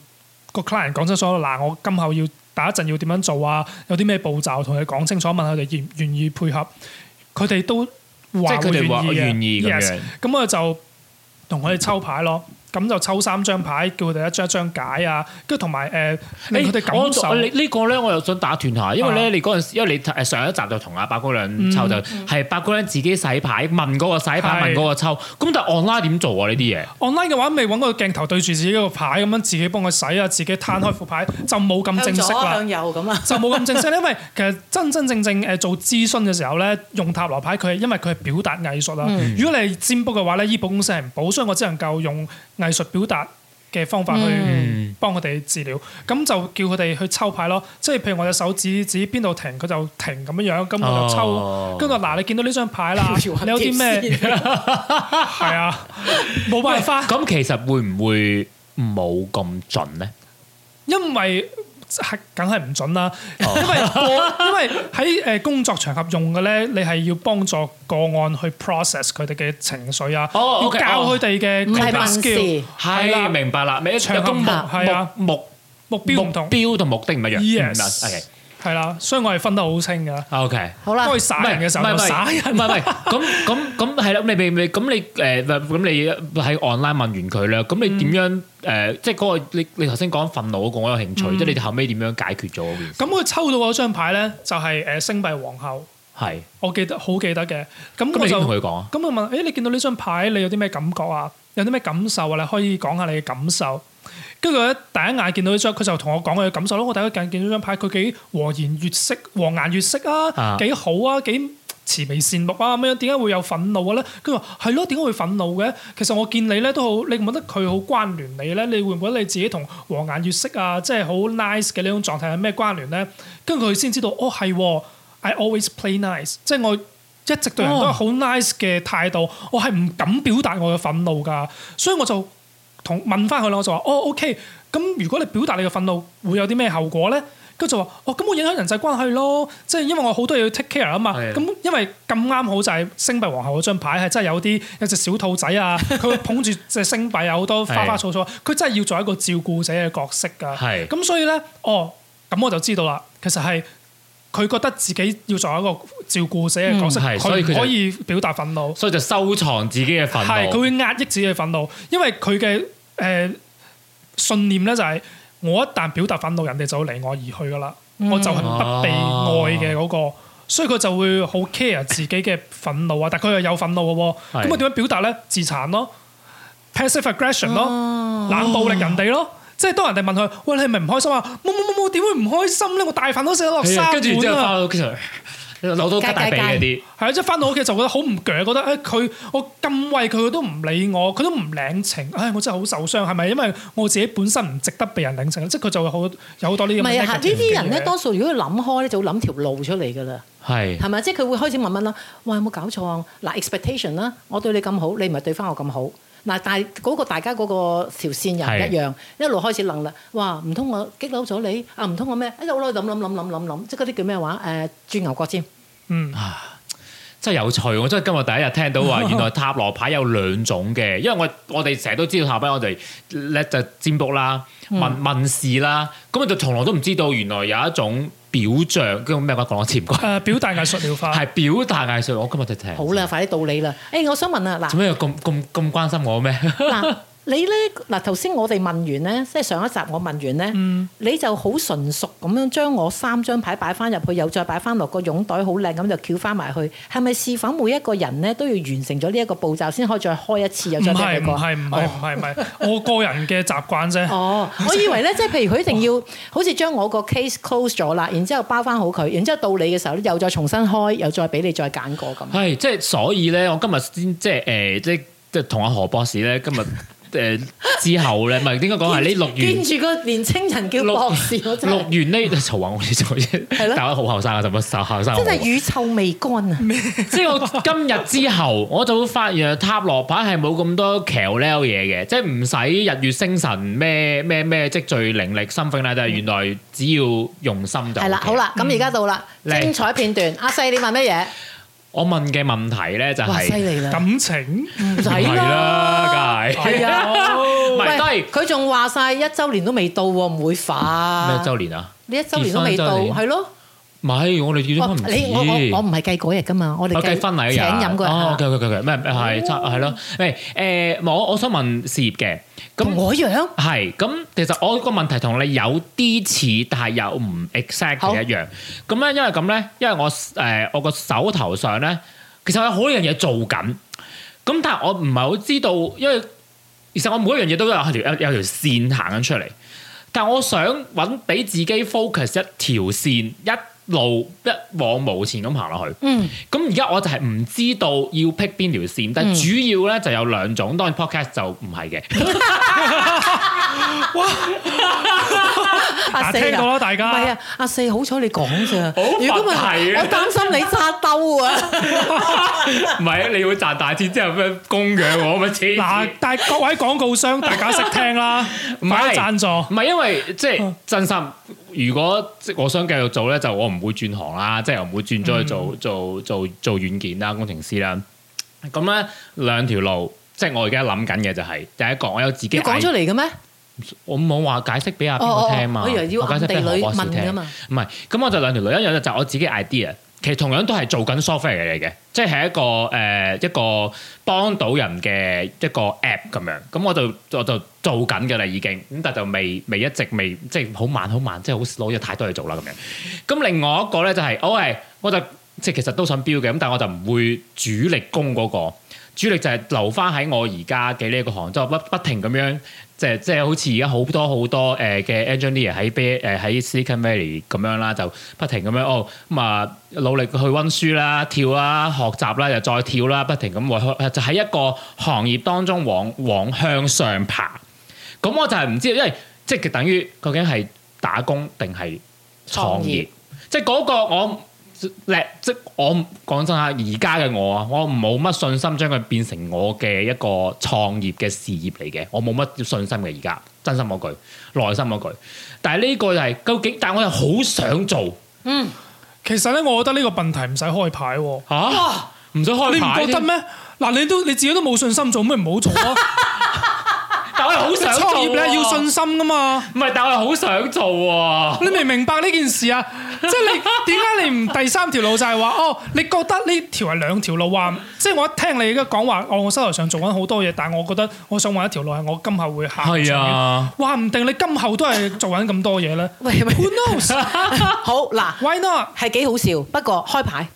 個 client 講清楚。嗱，我今後要打一陣要點樣做啊？有啲咩步驟同佢講清楚，問佢哋願唔願意配合。佢哋都話願意嘅，yes。咁我就同佢哋抽牌咯。咁就抽三張牌，叫佢哋一張一張解啊，跟住同埋誒令佢哋感受。這個、呢個咧，我又想打斷下，因為咧、啊、你嗰陣時，因為你上一集就同阿白姑娘抽、嗯、就係白姑娘自己洗牌，問嗰個洗牌是的 問嗰個抽。咁但 online 點做啊？呢啲嘢 online 嘅話，未揾個鏡頭對住自己個牌，咁樣自己幫佢洗啊，自己攤開副牌就冇咁正式啦。向左向右咁啊， 就冇咁正式。因為其實真真正正誒做諮詢嘅時候咧，用塔羅牌佢係因為佢係表達藝術啦。嗯、如果你係占卜嘅話咧，醫保公司係唔保，所以我只能夠用。藝術表達嘅方法去幫佢哋治療，咁、嗯、就叫佢哋去抽牌咯。即、就、係、是、譬如我隻手指指邊度停，佢就停咁樣樣。咁我就抽。跟住嗱，你見到呢張牌啦， 你有啲咩？係啊，冇辦法。咁其實會唔會冇咁準呢？ 因為。梗係唔準啦。因為因為喺誒工作場合用嘅咧，你係要幫助個案去 process 佢哋嘅情緒啊，要教佢哋嘅 skill，係明白啦。有個目目目標唔同，目標同目的唔一樣。Yes。係啦，所以我係分得好清噶。OK，好啦，當佢耍人嘅時候，又耍人。唔係唔係，咁咁咁係啦。你未未咁你誒，咁你喺 online 問完佢啦。咁你點樣誒？即係嗰個你你頭先講憤怒嗰個，我有興趣。即係你哋後尾點樣解決咗？咁佢抽到嗰張牌咧，就係誒星幣皇后。係，我記得好記得嘅。咁我就同佢講，咁我問，誒你見到呢張牌，你有啲咩感覺啊？有啲咩感受啊？你可以講下你嘅感受。跟住咧，第一眼見到呢張，佢就同我講佢嘅感受咯。我第一眼見到張牌，佢幾和顏悦色，和顏悦色啊，幾好啊，幾慈眉善目啊，咁樣？點解會有憤怒嘅咧？佢話：係咯，點解會憤怒嘅？其實我見你咧都好，你唔覺得佢好關聯你咧？你會唔會覺得你自己同和顏悦色啊，即係好 nice 嘅呢種狀態係咩關聯咧？跟住佢先知道，哦係，I always play nice，即係我一直對人都好 nice 嘅態度，我係唔敢表達我嘅憤怒㗎，所以我就。問翻佢啦，我就話哦，OK，咁如果你表達你嘅憤怒會有啲咩後果咧？跟住就話哦，咁我影響人際關係咯，即係因為我好多嘢要 take care 啊嘛。咁是的 因為咁啱好就係星幣皇后嗰張牌，係真係有啲有隻小兔仔啊，佢 會捧住隻星幣啊，好多花花草草，佢是的 真係要做一個照顧者嘅角色噶。係咁是的 所以咧，哦，咁我就知道啦，其實係佢覺得自己要做一個照顧者嘅角色，所以佢唔可以表達憤怒，所以就收藏自己嘅憤怒，佢會壓抑自己嘅憤怒，因為佢嘅誒信念咧就係我一旦表達憤怒，人哋就會離我而去噶啦，嗯、我就係不被愛嘅嗰、那個，啊、所以佢就會好 care 自己嘅憤怒啊！但佢又有憤怒喎，咁佢點樣表達咧？自殘咯，passive aggression 咯，咯，冷暴力人哋咯，啊啊、即係當人哋問佢：喂，你係咪唔開心啊？冇冇冇冇，點會唔開心咧？我大飯都食咗落跟沙碗啦、啊！嗯扭到好大鼻啲，係啊！即係翻到屋企就覺得好唔鋸，覺得誒佢我咁為佢，佢都唔理我，佢都唔領情。唉，我真係好受傷，係咪？因為我自己本身唔值得被人領情，即係佢就會好有好多呢啲。唔係啊，呢啲人咧，多數如果佢諗開咧，就會諗條路出嚟噶啦。係係咪？即係佢會開始問乜啦？哇！有冇搞錯啊？嗱、呃，expectation 啦，我對你咁好，你唔係對翻我咁好。嗱，但係嗰個大家嗰個條線又一樣，是的 一路開始諗啦，哇！唔通我激嬲咗你啊？唔通我咩？一路好耐就諗諗諗，即係嗰啲叫咩話？誒、呃、鑽牛角尖。嗯，啊，真係有趣！我真係今日第一日聽到話，原來塔羅牌有兩種嘅，因為我我哋成日都知道塔羅牌我哋叻就占卜啦、問、嗯、問事啦，咁我就從來都唔知道原來有一種。表象佢用咩話講？我講我接唔過。誒，表達藝術了化。係表達藝術，我今日就聽。好啦，快啲到你啦。誒，我想問啦，嗱。做咩又咁咁咁關心我咩？你咧嗱，頭先我哋問完咧，即係上一集我問完咧，嗯、你就好純熟咁樣將我三張牌擺翻入去，又再擺翻落個擁袋，好靚咁就翹翻埋去。係咪是否每一個人咧都要完成咗呢一個步驟先可以再開一次，又再揀個？唔係唔係唔係唔係，我個人嘅習慣啫。哦， 我以為咧，即係譬如佢一定要好似將我個 case close 咗啦，然之後包翻好佢，然之後到你嘅時候咧，又再重新開，又再俾你再揀過咁。係即係所以咧，我今日先即係誒，即係即係同阿何博士咧，今日。誒之後咧，唔係應該講係呢六月跟住個年青人叫博士，六月呢嘈話，我哋就係搞得好後生啊，什麼十後生，真係乳臭未乾啊！ 即係我今日之後，我就會發現塔羅牌係冇咁多 c h a 嘢嘅，即係唔使日月星辰咩咩咩積聚靈力心法，就係原來只要用心就係啦。 好啦，咁而家到啦，嗯、精彩片段，阿細你問咩嘢？我問嘅問題咧就係犀利啦，感情，唔使啦，梗係係啊，唔係都係佢仲話晒一週年都未到喎，唔會化！咩一週年啊？你一週年都未到，係咯？唔係我哋要你我我我唔係計嗰日噶嘛，我哋計婚禮啊，請飲嗰哦，計計計計，咩係差係咯？誒誒，我我想問事業嘅。咁、嗯、我一樣，係咁好、呃，其實我個問題同你有啲似，但係又唔 exact 嘅一樣。咁咧，因為咁咧，因為我誒我個手頭上咧，其實我有好多樣嘢做緊。咁但係我唔係好知道，因為其實我每一樣嘢都有條有有條線行緊出嚟。但係我想揾俾自己 focus 一條線一。路一往無前咁行落去，咁而家我就係唔知道要辟邊條線，但係主要咧就有兩種，嗯、當然 Podcast 就唔係嘅。 大家聽到啦，大家，阿四，唔係啊！阿四，好彩你講咋，如果唔係，我擔心你揸兜啊！唔係啊，你會賺大錢之後咩供養我咩？錢嗱，但係各位廣告商，大家識聽啦，唔係贊助，唔係因為即係真心。如果即係我想繼續做咧，就我唔會轉行啦，即係唔會轉咗去做做做做軟件啦，工程師啦。咁咧兩條路，即係我而家諗緊嘅就係第一個，我有自己講出嚟嘅咩？我冇話解釋俾阿邊個聽啊、哦、聽嘛，我解釋俾何博士聽啊嘛。唔係，咁我就兩條女一樣嘅，就是、我自己 idea，其實同樣都係做緊 software 嚟嘅，即、就、係、是、一個誒、呃、一個幫到人嘅一個 app 咁樣。咁我就我就做緊嘅啦，已經咁，但就未未一直未即係好慢，好慢，即係好攞咗太多嘢做啦咁樣。咁另外一個咧就係、是，我係我就即係其實都想標嘅，咁但係我就唔會主力供嗰、那個主力就個，就係留翻喺我而家嘅呢一個杭州不不停咁樣。即係即係好似而家好多好多誒嘅 engineer 喺誒喺 secondary 咁樣啦，就不停咁樣哦咁啊努力去溫書啦、跳啦、學習啦，又再跳啦，不停咁就喺一個行業當中往往向上爬。咁我就係唔知道，因為即係等於究竟係打工定係創業？創意即係嗰個我。叻！即我講真下，而家嘅我啊，我冇乜信心將佢變成我嘅一個創業嘅事業嚟嘅，我冇乜信心嘅而家，真心嗰句，內心嗰句。但係呢個就係究竟，但係我又好想做。嗯，其實咧，我覺得呢個問題唔使開牌。吓，唔使開牌？你唔覺得咩？嗱、啊，你都你自己都冇信心做，咁咪唔好做咯、啊。 但係好想創、啊、業咧，要信心㗎嘛？唔係，但係我係好想做啊！你明唔明白呢件事啊？ 即係你點解你唔第三條路就係話哦？你覺得呢條係兩條路話？即係我一聽你而家講話，哦，我手頭上做緊好多嘢，但係我覺得我想揾一條路係我今後會行。係是啊，話唔定你今後都係做緊咁多嘢咧。喂，Who knows？ 好嗱，Why not？係幾好笑，不過開牌。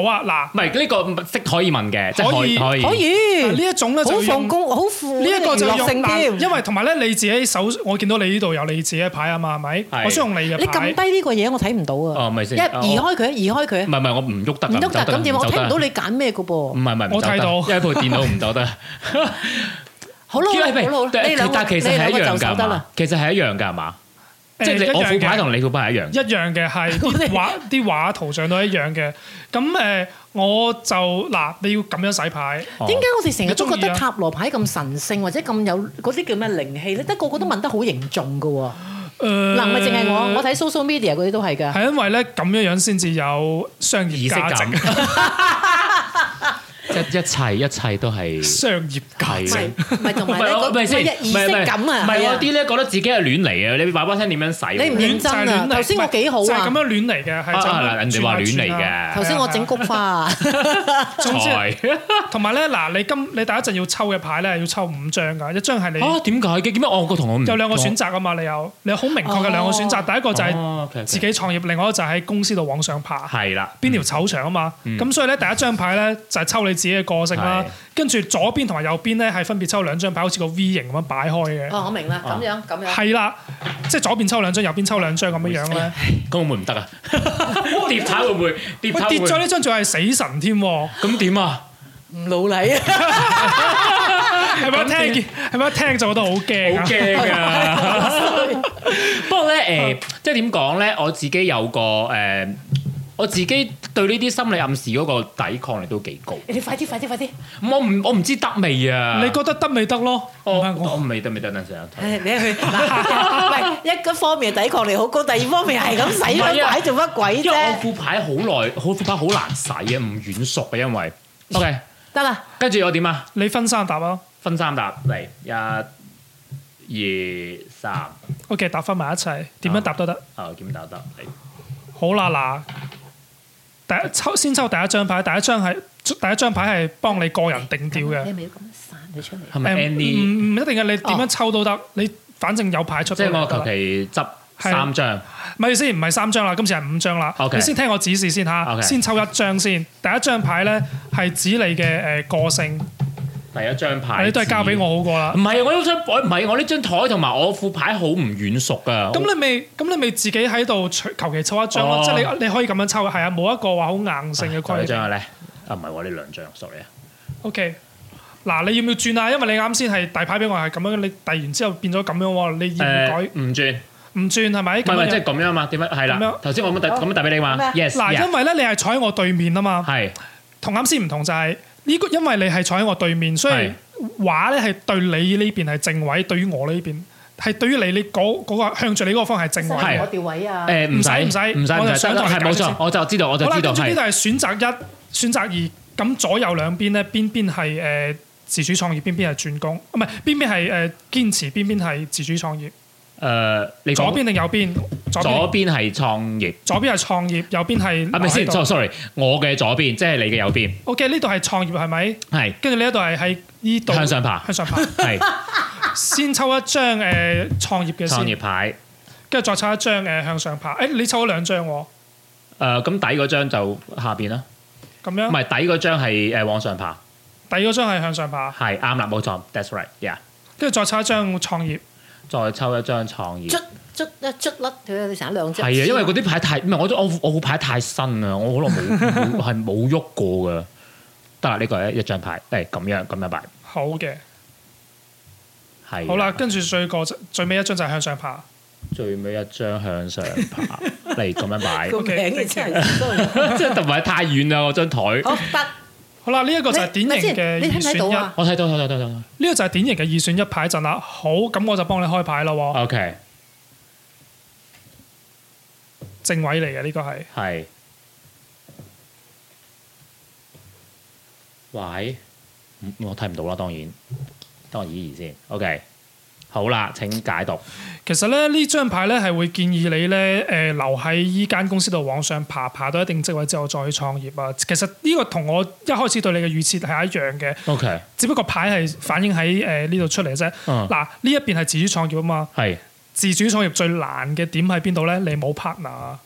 好啊，嗱，唔係呢個即可以問嘅，即可以可以呢一種咧，好放工，好富樂性啲。因為同埋咧，你自己手，我見到你呢度有你自己嘅牌啊嘛，係咪？我想用你嘅牌。你撳低呢個嘢，我睇唔到啊！一移開佢，移開佢。唔係唔係，我唔喐得。唔喐得，咁點我睇唔到你揀咩嘅噃？唔係唔係，我睇到，因為部電腦唔到得。好啦，好啦，呢兩，呢兩個就唔得啦。其實係一樣㗎嘛？即係我副牌同你副牌係一樣，一樣嘅，係畫啲畫圖上都一樣嘅。咁誒，我就嗱，你要咁樣洗牌。點解？哦、我哋成日都覺得塔羅牌咁神聖，或者咁有嗰啲叫咩靈氣咧？得個個都問得好凝重嘅喎。嗱、呃，咪係淨係我，我睇 social media 嗰啲都係噶。係因為咧咁樣樣先至有商業價值。意識 一一切一切都係商業界，咪同埋咧嗰啲儀式感啊，咪嗰啲咧覺得自己係亂嚟嘅。你話把聲點樣洗？你唔認真啊？頭先我幾好啊？就咁樣亂嚟嘅，係真係人哋話亂嚟嘅。頭先我整菊花，總之，同埋咧嗱，你今你第一陣要抽嘅牌咧，要抽五張噶，一張係你嚇點解嘅？點解我個同我唔？有兩個選擇啊嘛，你有你好明確嘅兩個選擇，第一個就係自己創業，另外一個就係喺公司度往上爬。係啦，邊條草場啊嘛？咁所以咧，第一張牌咧就係抽你。自己嘅個性啦，跟住左邊同埋右邊咧，係分別抽兩張牌，好似個 V 型咁樣擺開嘅。哦、喔，我明啦，咁樣咁樣。係啦，即係左邊抽兩張，右邊抽兩張咁樣樣咧。咁會唔得啊？疊太 會唔會？疊會，會。我跌咗呢張仲係死神添。咁點啊？唔老禮啊？係咪、啊、 聽？係咪 聽咗覺得好驚？好驚啊！不過咧，誒、呃，即係點講咧？我自己有個誒。呃我自己對呢啲心理暗示嗰個抵抗力都幾高。你快啲快啲快啲！我唔我唔知得未啊？你覺得得未得咯？我我未得未得嗱成日。你去，唔係一個方面抵抗力好高，第二方面係咁洗張牌做乜鬼啫？因為我副牌好耐，我副牌好難洗啊，唔軟熟啊，因為。OK，得啦。跟住我點啊？你分三搭咯。分三搭，嚟，一、二、三。OK，搭翻埋一齊，點樣搭都得。啊，點樣搭得好啦嗱。第一抽先抽第一張牌，第一張係第一張牌係幫你個人定調嘅、嗯。你係咪要咁樣散佢出嚟？係咪 Andy？唔唔一定嘅，你點樣抽都得。Oh. 你反正有牌出。即係我求其執三張。咪係先，唔係三張啦，今次係五張啦。Okay. 你先聽我指示先吓。Okay. 先抽一張先。第一張牌咧係指你嘅誒個性。係一張牌、啊，你都係交俾我好過啦。唔係，我呢張台，唔係我呢張台同埋我副牌好唔軟熟噶。咁你咪咁你咪自己喺度求其抽一張咯？哦、即係你你可以咁樣抽嘅。係啊，冇一個話好硬性嘅規矩。一嘅咧、啊，啊唔係喎，你兩張收嚟啊。OK，嗱，你要唔要轉啊？因為你啱先係遞牌俾我樣，係咁樣你遞完之後變咗咁樣喎。你要唔改？唔、呃、轉？唔轉係咪？即係咁樣嘛？點樣係啦？頭先樣我咁遞咁樣遞俾你嘛嗱麼 Yes,，因為咧你係坐喺我對面啊嘛。係是。同啱先唔同就係、是。呢個因為你係坐喺我對面，所以話咧係對你呢邊係正位，對於我呢邊係對於你你嗰、嗰個嗰個向住你嗰個方係正位，調位啊？誒唔使唔使唔使，呃、我就想同係冇錯，我就知道，我就知道。呢度就係選擇一、是選擇二。咁左右兩邊咧，邊邊係誒、呃、自主創業，邊邊係轉工？唔、呃、係邊邊係誒、呃、堅持，邊邊係自主創業？誒左邊定右邊？左邊係創業。左邊係創業，右邊係。啊唔係先，sorry。我嘅左邊即係你嘅右邊。OK，呢度係創業係咪？係。跟住呢一度係喺呢度。向上爬，向上爬。係。先抽一張誒創業嘅。商業牌。跟住再抽一張誒向上爬。誒你抽咗兩張喎。誒咁底嗰張就下邊啦。咁樣。唔係底嗰張係往上爬。底嗰張係向上爬。係啱啦，冇錯，that's right，yeah。跟住再抽一張創業。再抽一張創意，捽一卒甩，佢有啲成兩張。係啊，因為嗰啲牌太唔係，我都我我副牌太新 啦，我好耐冇係冇喐過噶。得啦，呢個係一張牌，嚟、哎、咁樣咁樣擺。好嘅的，係、啊、好啦。跟住最個最尾一張就向上爬。最尾一張向上爬，嚟咁 樣擺。個 名嘅真係真係，即係同埋太遠啦！我張台好啦，呢、這、一個就係典型嘅二選一，我睇到、啊，睇到，睇到。呢個就係典型嘅二選一牌陣啦。好，咁我就幫你開牌啦。O Okay K。正位嚟嘅，呢個係。係。喂，我睇唔到啦，當然。得我依依先。O、okay、K。好啦，請解讀。其實咧呢張牌咧係會建議你咧誒留喺依間公司度往上爬，爬到一定職位之後再去創業啊。其實呢個同我一開始對你嘅預設係一樣嘅。OK，只不過牌係反映喺誒呢度出嚟啫。嗱、嗯，呢一邊係自主創業啊嘛。係是自主創業最難嘅點喺邊度咧？你冇 partner，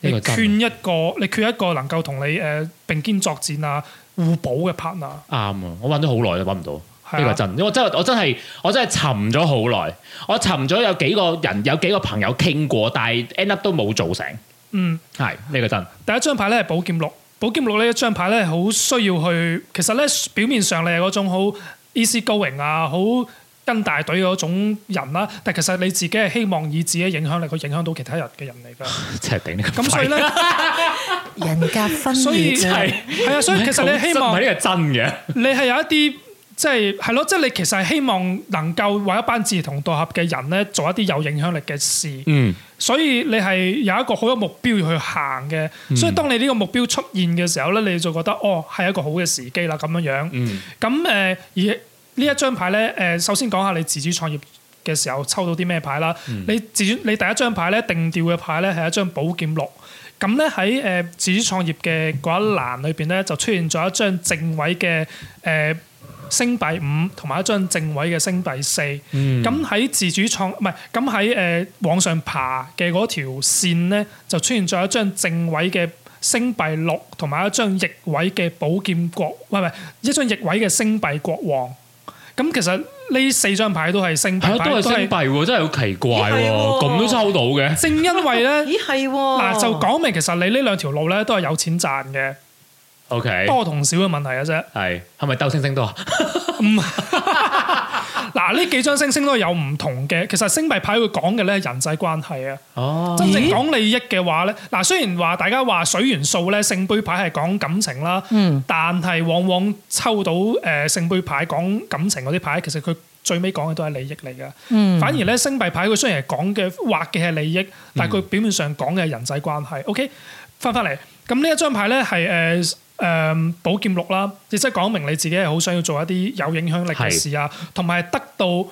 你缺一個，你缺一個能夠同你誒、呃、並肩作戰啊、互補嘅 partner。啱啊，我搵咗好耐都搵唔到。呢個真，我真我真係我真係沉咗好耐，我沉咗有幾個人有幾個朋友傾過，但係 end up 都冇做成。嗯，係呢個真。第一張牌咧係寶劍六，寶劍六呢一張牌咧好需要去，其實咧表面上你係嗰種好 easy going 啊，好跟大隊嗰種人啦，但其實你自己係希望以自己影響力去影響到其他人嘅人嚟㗎。 真係頂咁所以咧 人格分裂，就是，係係啊，是所以其實你希望唔係呢個真嘅，你係有一啲。即係係咯，即係你其實係希望能夠為一班志同道合嘅人咧做一啲有影響力嘅事，嗯、所以你係有一個好有目標要去行嘅。嗯、所以當你呢個目標出現嘅時候咧，你就覺得哦係一個好嘅時機啦咁樣樣。咁誒、嗯呃、而呢一張牌咧，誒首先講下你自主創業嘅時候抽到啲咩牌啦。嗯、你自主你第一張牌咧定調嘅牌咧係一張寶劍六，咁咧喺誒自主創業嘅嗰一欄裏邊咧就出現咗一張正位嘅誒。呃星幣五同埋一張正位嘅星幣四，嗯，咁喺自主創唔係，咁喺誒往上爬嘅嗰條線咧，就出現咗一張正位嘅星幣六，同埋一張逆位嘅寶劍國，喂，唔係一張逆位嘅星幣國王。咁其實呢四張牌都係星幣，啊，都係星幣喎，是真係好奇怪喎，咁都誒抽到嘅。正因為咧，咦係嗱，就講明其實你呢兩條路咧都係有錢賺嘅。OK，多同少嘅問題嘅啫，係係咪兜星星多啊？嗱，呢幾張星星都有唔同嘅。其實星幣牌佢講嘅咧，人際關係啊，哦，真正講利益嘅話咧，嗱，雖然話大家話水元素咧，聖杯牌係講感情啦，但係往往抽到誒聖杯牌講感情嗰啲牌，其實佢最尾講嘅都係利益嚟㗎，反而咧星幣牌佢雖然係講嘅畫嘅係利益，但係佢表面上講嘅係人際關係。O K，翻翻嚟，咁呢一張牌咧係誒。呃呃呃誒《寶、嗯、劍錄》啦，亦即係講明你自己係好想要做一啲有影響力嘅事啊，同埋是的 得到誒，即、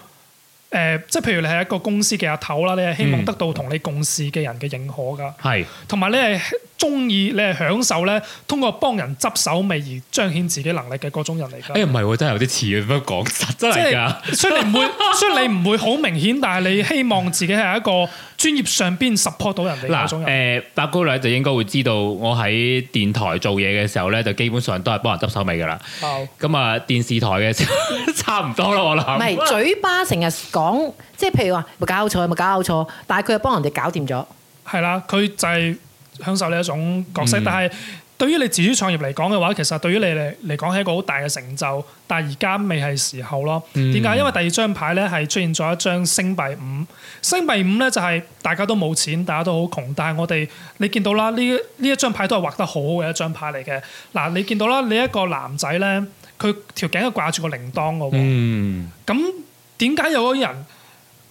呃、係譬如你係一個公司嘅阿頭啦，你係希望得到同你共事嘅人嘅認可噶，係，同埋你係。中意你係享受咧，通過幫人執手尾而彰顯自己能力嘅嗰種人嚟噶。哎唔係，真係有啲似，唔好講實真係噶。所以你唔會，所以你唔會好明顯，但係你希望自己係一個專業上邊 support 到人哋嗰種人。嗱，誒，八、呃、姑奶就應該會知道，我喺電台做嘢嘅時候咧，就基本上都係幫人執手尾㗎啦。冇咁啊，電視台嘅時候， 差唔多啦，我諗。唔係嘴巴成日講，即係譬如話，冇搞錯，冇搞錯，但係佢又幫人哋搞掂咗。係啦，佢就係、是。享受呢一種角色，但係對於你自主創業嚟講嘅話，其實對於你嚟嚟講係一個好大嘅成就，但係而家未係時候咯。點解？因為第二張牌咧係出現咗一張星幣五，星幣五咧就係大家都冇錢，大家都好窮，但係我哋，你見到啦，呢呢一張牌都係畫得好嘅一張牌嚟嘅。嗱，你見到啦，你一個男仔咧，佢條頸都掛住個鈴鐺嘅喎。咁點解有個人？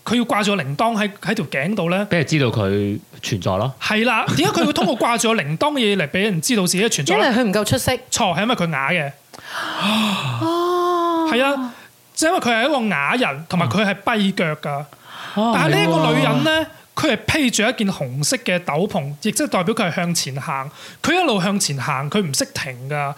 佢要掛住個鈴鐺喺喺條頸度咧，俾人知道佢存在咯。係啦，點解佢會通過掛住個鈴鐺嘅嘢嚟俾人知道自己存在？因為佢唔夠出色。錯，係因為佢啞嘅。哦，係啊，即係因為佢係一個啞人，同埋佢係跛腳噶。哦、但係呢一個女人咧，佢係披住一件紅色嘅斗篷，亦即係代表佢係向前行。佢一路向前行，佢唔識停噶。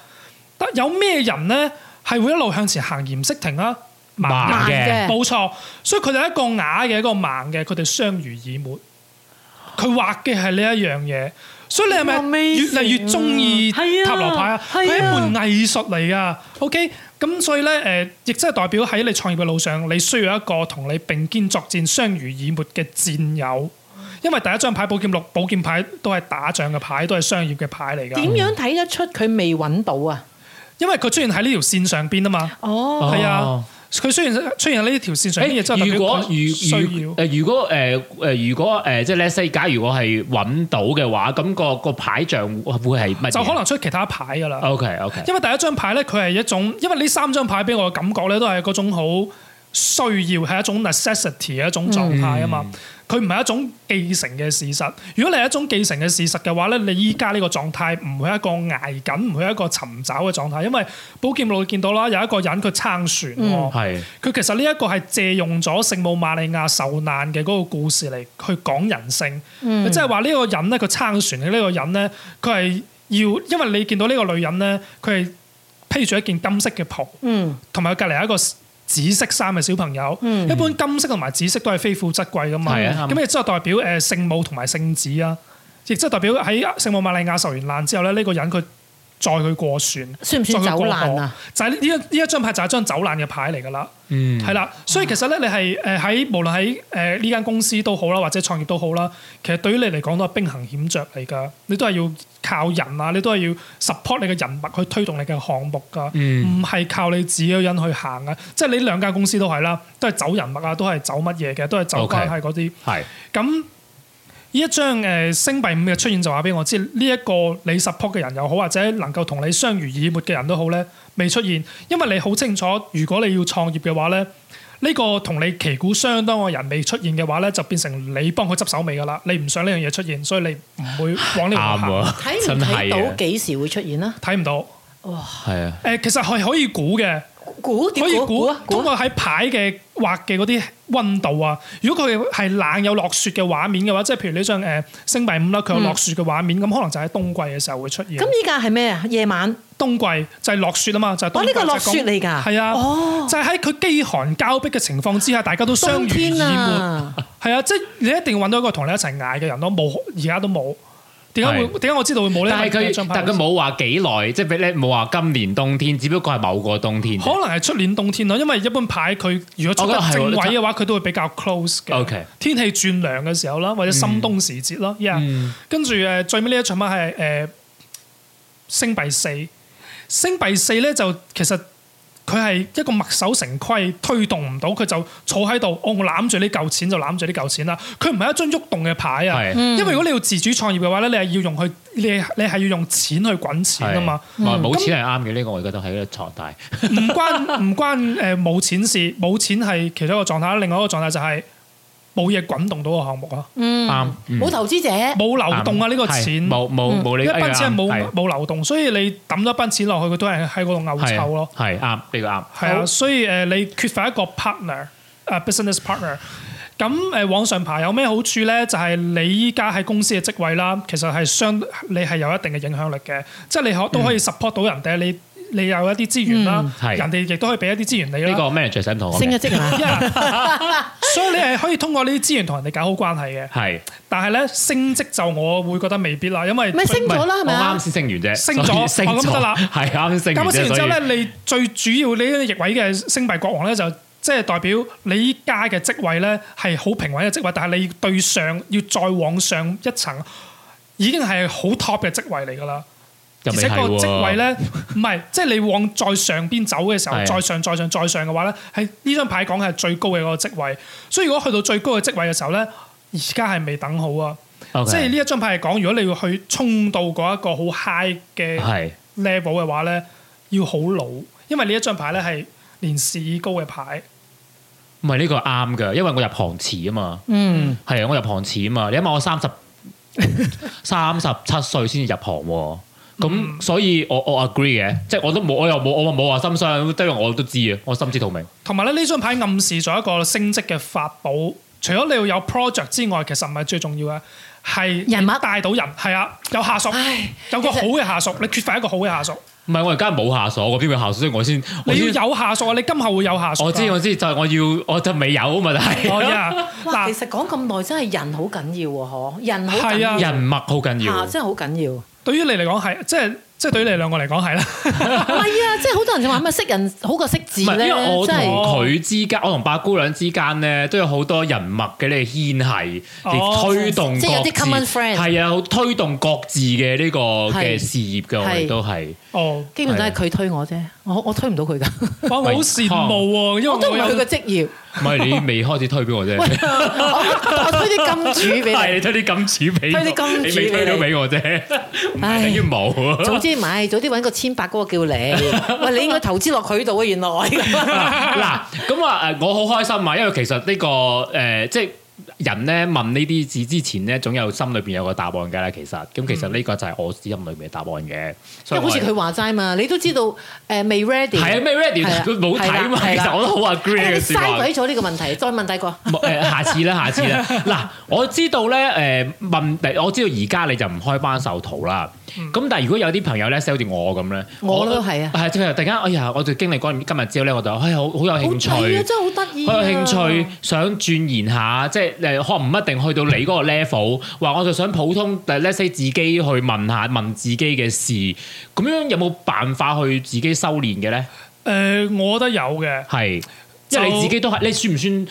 但有咩人咧係會一路向前行而唔識停啊？.盲嘅，冇錯，所以佢哋一個啞嘅，一個盲嘅，佢哋相濡以沫。佢畫嘅係呢一樣嘢，所以你係咪越嚟哇越中意塔羅牌啊？佢係、啊、一門藝術嚟噶。啊、OK，咁所以咧，誒、呃，亦即係代表喺你創業嘅路上，你需要一個同你並肩作戰、相濡以沫嘅戰友。因為第一張牌寶劍六、寶劍牌都係打仗嘅牌，都係商業嘅牌嚟。點樣睇得出佢未揾到啊？因為佢出現喺呢條線上邊啊嘛。哦，係啊。佢雖然雖然喺呢條線上，如果如如果誒誒如果誒即係 let's say 假如我係揾到嘅話，咁、嗰個個牌象會係乜，就可能出其他牌噶啦。OK OK。因為第一張牌咧，佢係一種，因為呢三張牌俾我嘅感覺咧，都係嗰種好需要係一種 necessity 嘅一種狀態啊嘛、嗯。嗯。佢唔係一種既成嘅事實。如果你係一種既成嘅事實嘅話咧，你依家呢個狀態唔會係一個捱緊，唔會係一個尋找嘅狀態。因為《寶劍路》見到啦，有一個人佢撐船。嗯，係。佢其實呢一個係借用咗聖母瑪利亞受難嘅嗰個故事嚟去講人性。即係話呢一個人咧，佢撐船嘅呢個人咧，佢係要，因為你見到呢個女人咧，佢係披住一件金色嘅袍。嗯。同埋佢隔離有一個。紫色衫嘅小朋友，嗯、一般金色同埋紫色都係非富則貴㗎嘛，咁亦即係代表誒聖母同埋聖子啊，亦即係代表喺聖母瑪利亞受完難之後咧，呢、呢個人佢再佢過船，算唔算走難啊？就係呢一呢一張牌就係一張走難嘅牌嚟噶啦。嗯，係啦，所以其實咧，你係誒喺無論喺誒呢間公司都好啦，或者創業都好啦，其實對於你嚟講都係兵行險著嚟噶，你都係要靠人啊，你都係要 support 你嘅人脈去推動你嘅項目噶，唔係、嗯、靠你自己一個人去行啊，即、就、係、是、你兩間公司都係啦，都係走人脈啊，都係走乜嘢嘅，都係走關係嗰啲，係咁。呢一張誒星幣五嘅出現就話俾我知，呢、這、一個你 support 嘅人又好，或者能夠同你相濡以沫嘅人都好咧，未出現，因為你好清楚，如果你要創業嘅話咧，呢、這個同你旗鼓相當嘅人未出現嘅話咧，就變成你幫佢執手尾噶啦，你唔想呢樣嘢出現，所以你唔會往呢度行。睇唔睇到幾時會出現咧？睇唔到。哇！係啊。誒，其實係可以估嘅。可以估，猜通過喺牌嘅畫嘅嗰啲溫度啊。如果佢係冷，有落雪嘅畫面嘅話，即係譬如呢張誒星幣五啦，佢有落雪嘅畫面，咁、嗯、可能就喺冬季嘅時候會出現。咁依家係咩啊？夜晚冬季就係落雪啊嘛，就我、是、呢、啊這個落雪嚟噶，係啊，哦、就係喺佢飢寒交迫嘅情況之下，大家都相濡以沫。係啊，即係、啊就是、你一定要揾到一個同你一齊捱嘅人咯。冇，而家都冇。點解會？點解我知道會冇呢？但係佢，但係佢冇話幾耐，即係你冇話今年冬天，只不過係某個冬天。可能係出年冬天咯，因為一般牌佢如果出得正位嘅話，佢都會比較 close 嘅。okay 天氣轉涼嘅時候啦，或者深冬時節咯，跟住誒，最尾呢一場牌係誒星幣四，星幣四咧，就其實。佢係一個墨守成規，推動唔到，佢就坐喺度，我我攬住呢嚿錢就攬住呢嚿錢啦。佢唔係一張喐動嘅牌啊。係嗯、因為如果你要自主創業嘅話咧，你係要用去，你你係要用錢去滾錢㗎嘛。冇錢係啱嘅，呢個我覺得係一個狀態，嗯那。唔關唔關誒冇錢事，冇錢係其中一個狀態，另外一個狀態就係、是。冇嘢滾動到個項目啊！啱，冇投資者，冇流動啊！呢個錢冇冇冇呢啲啊！因為筆錢冇冇流動，所以你抌咗一筆錢落去，佢都係喺嗰度漚臭咯。係啱，呢個啱。係啊，所以誒，你缺乏一個 partner 啊，business partner。咁誒，往上爬有咩好處咧？就係你依家喺公司嘅職位啦，其實係相你係有一定嘅影響力嘅，即係你可都可以 support 到人哋。你有一啲資源啦，人哋亦都可以俾一啲資源你啦。呢個咩最想升嘅職嘛？所以你係可以通過呢啲資源同人哋搞好關係嘅。係，但係咧，升職就我會覺得未必啦，因為唔係升咗啦，係咪？啱先升完啫，升咗我咁得啦，係啱先升。咁升完之後咧，你最主要你呢個逆位嘅星幣國王咧，就即係代表你依家嘅職位咧係好平穩嘅職位，但係你要對上要再往上一層，已經係好 top 嘅職位嚟噶啦。而且個職位咧，唔係即係你往再上邊走嘅時候， 再上再上再上嘅話咧，係呢張牌講嘅係最高嘅個職位。所以如果去到最高嘅職位嘅時候咧，而家係未等好啊。Okay. 即係呢一張牌係講，如果你要去衝到嗰一個好 high 嘅 level 嘅話咧， 要好老，因為呢一張牌咧係年事已高嘅牌。唔係呢個啱㗎，因為我入行遲啊嘛。嗯，係啊，我入行遲啊嘛。你諗下，我三十三十七歲先至入行喎、啊。咁、嗯、所以我我 agree 嘅，即係我都冇，我又冇，我冇話心傷，都因為我都知啊，我心知肚明。同埋咧，呢張牌暗示咗一個升職嘅法寶，除咗你要有 project 之外，其實唔係最重要嘅係人脈帶到人，係啊，有下屬，唉有個好嘅下屬，實你缺乏一個好嘅下屬。唔係我而家冇下屬，我邊有下屬，所以我先你要有下屬啊！你今後會有下屬。我知我知，就係我要我就未有、就是、啊嘛，但係。嗱，其實講咁耐，真係人好緊要啊，嗬，人好緊要，人脈好緊要，真係好緊要。對於你嚟講係，即係即係對於你兩個嚟講係啦。係 啊，即係好多人就話係咪，識人好過識字咧。因為我同佢之間，我同八姑娘之間咧都有好多人脈嘅呢牽繫，推動、哦。即係有啲 common friend。係啊，推動各自嘅呢個嘅事業嘅，是我哋都係。哦，基本都係佢推我啫。我我推唔到佢噶， 我好羨慕，啊，因為我都唔係佢個職業 ，唔係你未開始推俾我啫， 我推啲金主俾你， 你推啲金主俾，推啲金主推咗俾我啫 唉，等於冇，早知咪早啲揾個千八個叫你， 喂，你應該投資落佢度啊，原來 啊，嗱咁啊，誒我好開心啊，因為其實呢、這個誒、呃、即係。人咧問呢啲字之前咧，總有心裏邊有個答案㗎啦。其實咁，其實呢個就係我心裏面嘅答案嘅。因為好似佢話齋嘛，你都知道誒未 ready？係啊，未 ready。佢冇睇嘛。其實我都好 agree。你嘥鬼咗呢個問題，再問第個。下次啦，下次啦。嗱，我知道咧誒問，我知道而家你就唔開班授徒啦。咁但係如果有啲朋友咧，好似我咁咧，我都係啊。係即係突然間，哎呀！我就經歷過今日之後咧，我就誒好好有興趣，真係好得意，好有興趣，想鑽研下即係。誒，可能唔一定去到你嗰個 level，話我就想普通，let's say，自己去問下問自己嘅事，咁樣有冇辦法去自己修煉嘅咧？誒、呃，我覺得有嘅，係是，即係就 你自己都係，你算唔算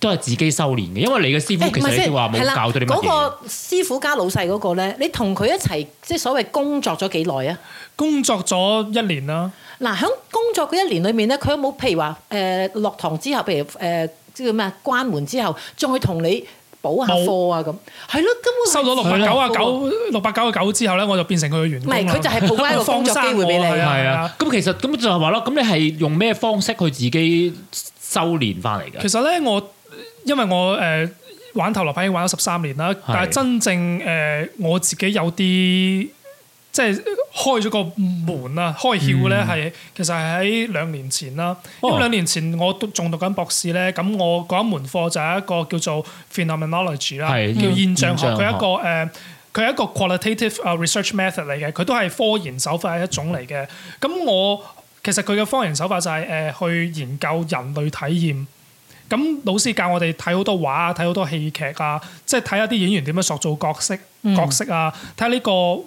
都係自己修煉嘅？因為你嘅師傅其實亦話冇教到你。嗰、欸那個師傅加老細嗰、那個咧，你同佢一齊，即係所謂工作咗幾耐啊？工作咗一年啦。嗱，響工作嗰一年裏面咧，佢有冇譬如話誒落堂之後，譬如誒。呃即係咩？關門之後再同你補下課啊！咁係咯，根本收咗六百九啊九、六百九啊九之後咧，我就變成佢嘅員工。唔係，佢就係鋪開個工作機會俾你。係 啊，咁、啊 啊、其實咁就係話咯，咁你係用咩方式去自己修練翻嚟嘅？其實咧，我因為我誒、呃、玩塔羅牌已經玩咗十三年啦，但係真正誒、呃、我自己有啲。即係開咗個門啊，開竅咧係其實係喺兩年前啦。咁、嗯、兩年前我都仲讀緊博士咧，咁、哦、我嗰一門課就係一個叫做 phenomenology 啦是，叫現象學。佢一個誒，佢、呃、係一個 qualitative research method 嚟嘅，佢都係科研手法係一種嚟嘅。咁、嗯、我其實佢嘅科研手法就係、是、誒、呃、去研究人類體驗。咁老師教我哋睇好多畫啊，睇好多戲劇啊，即係睇下啲演員點樣塑造角色角色啊，睇下呢個。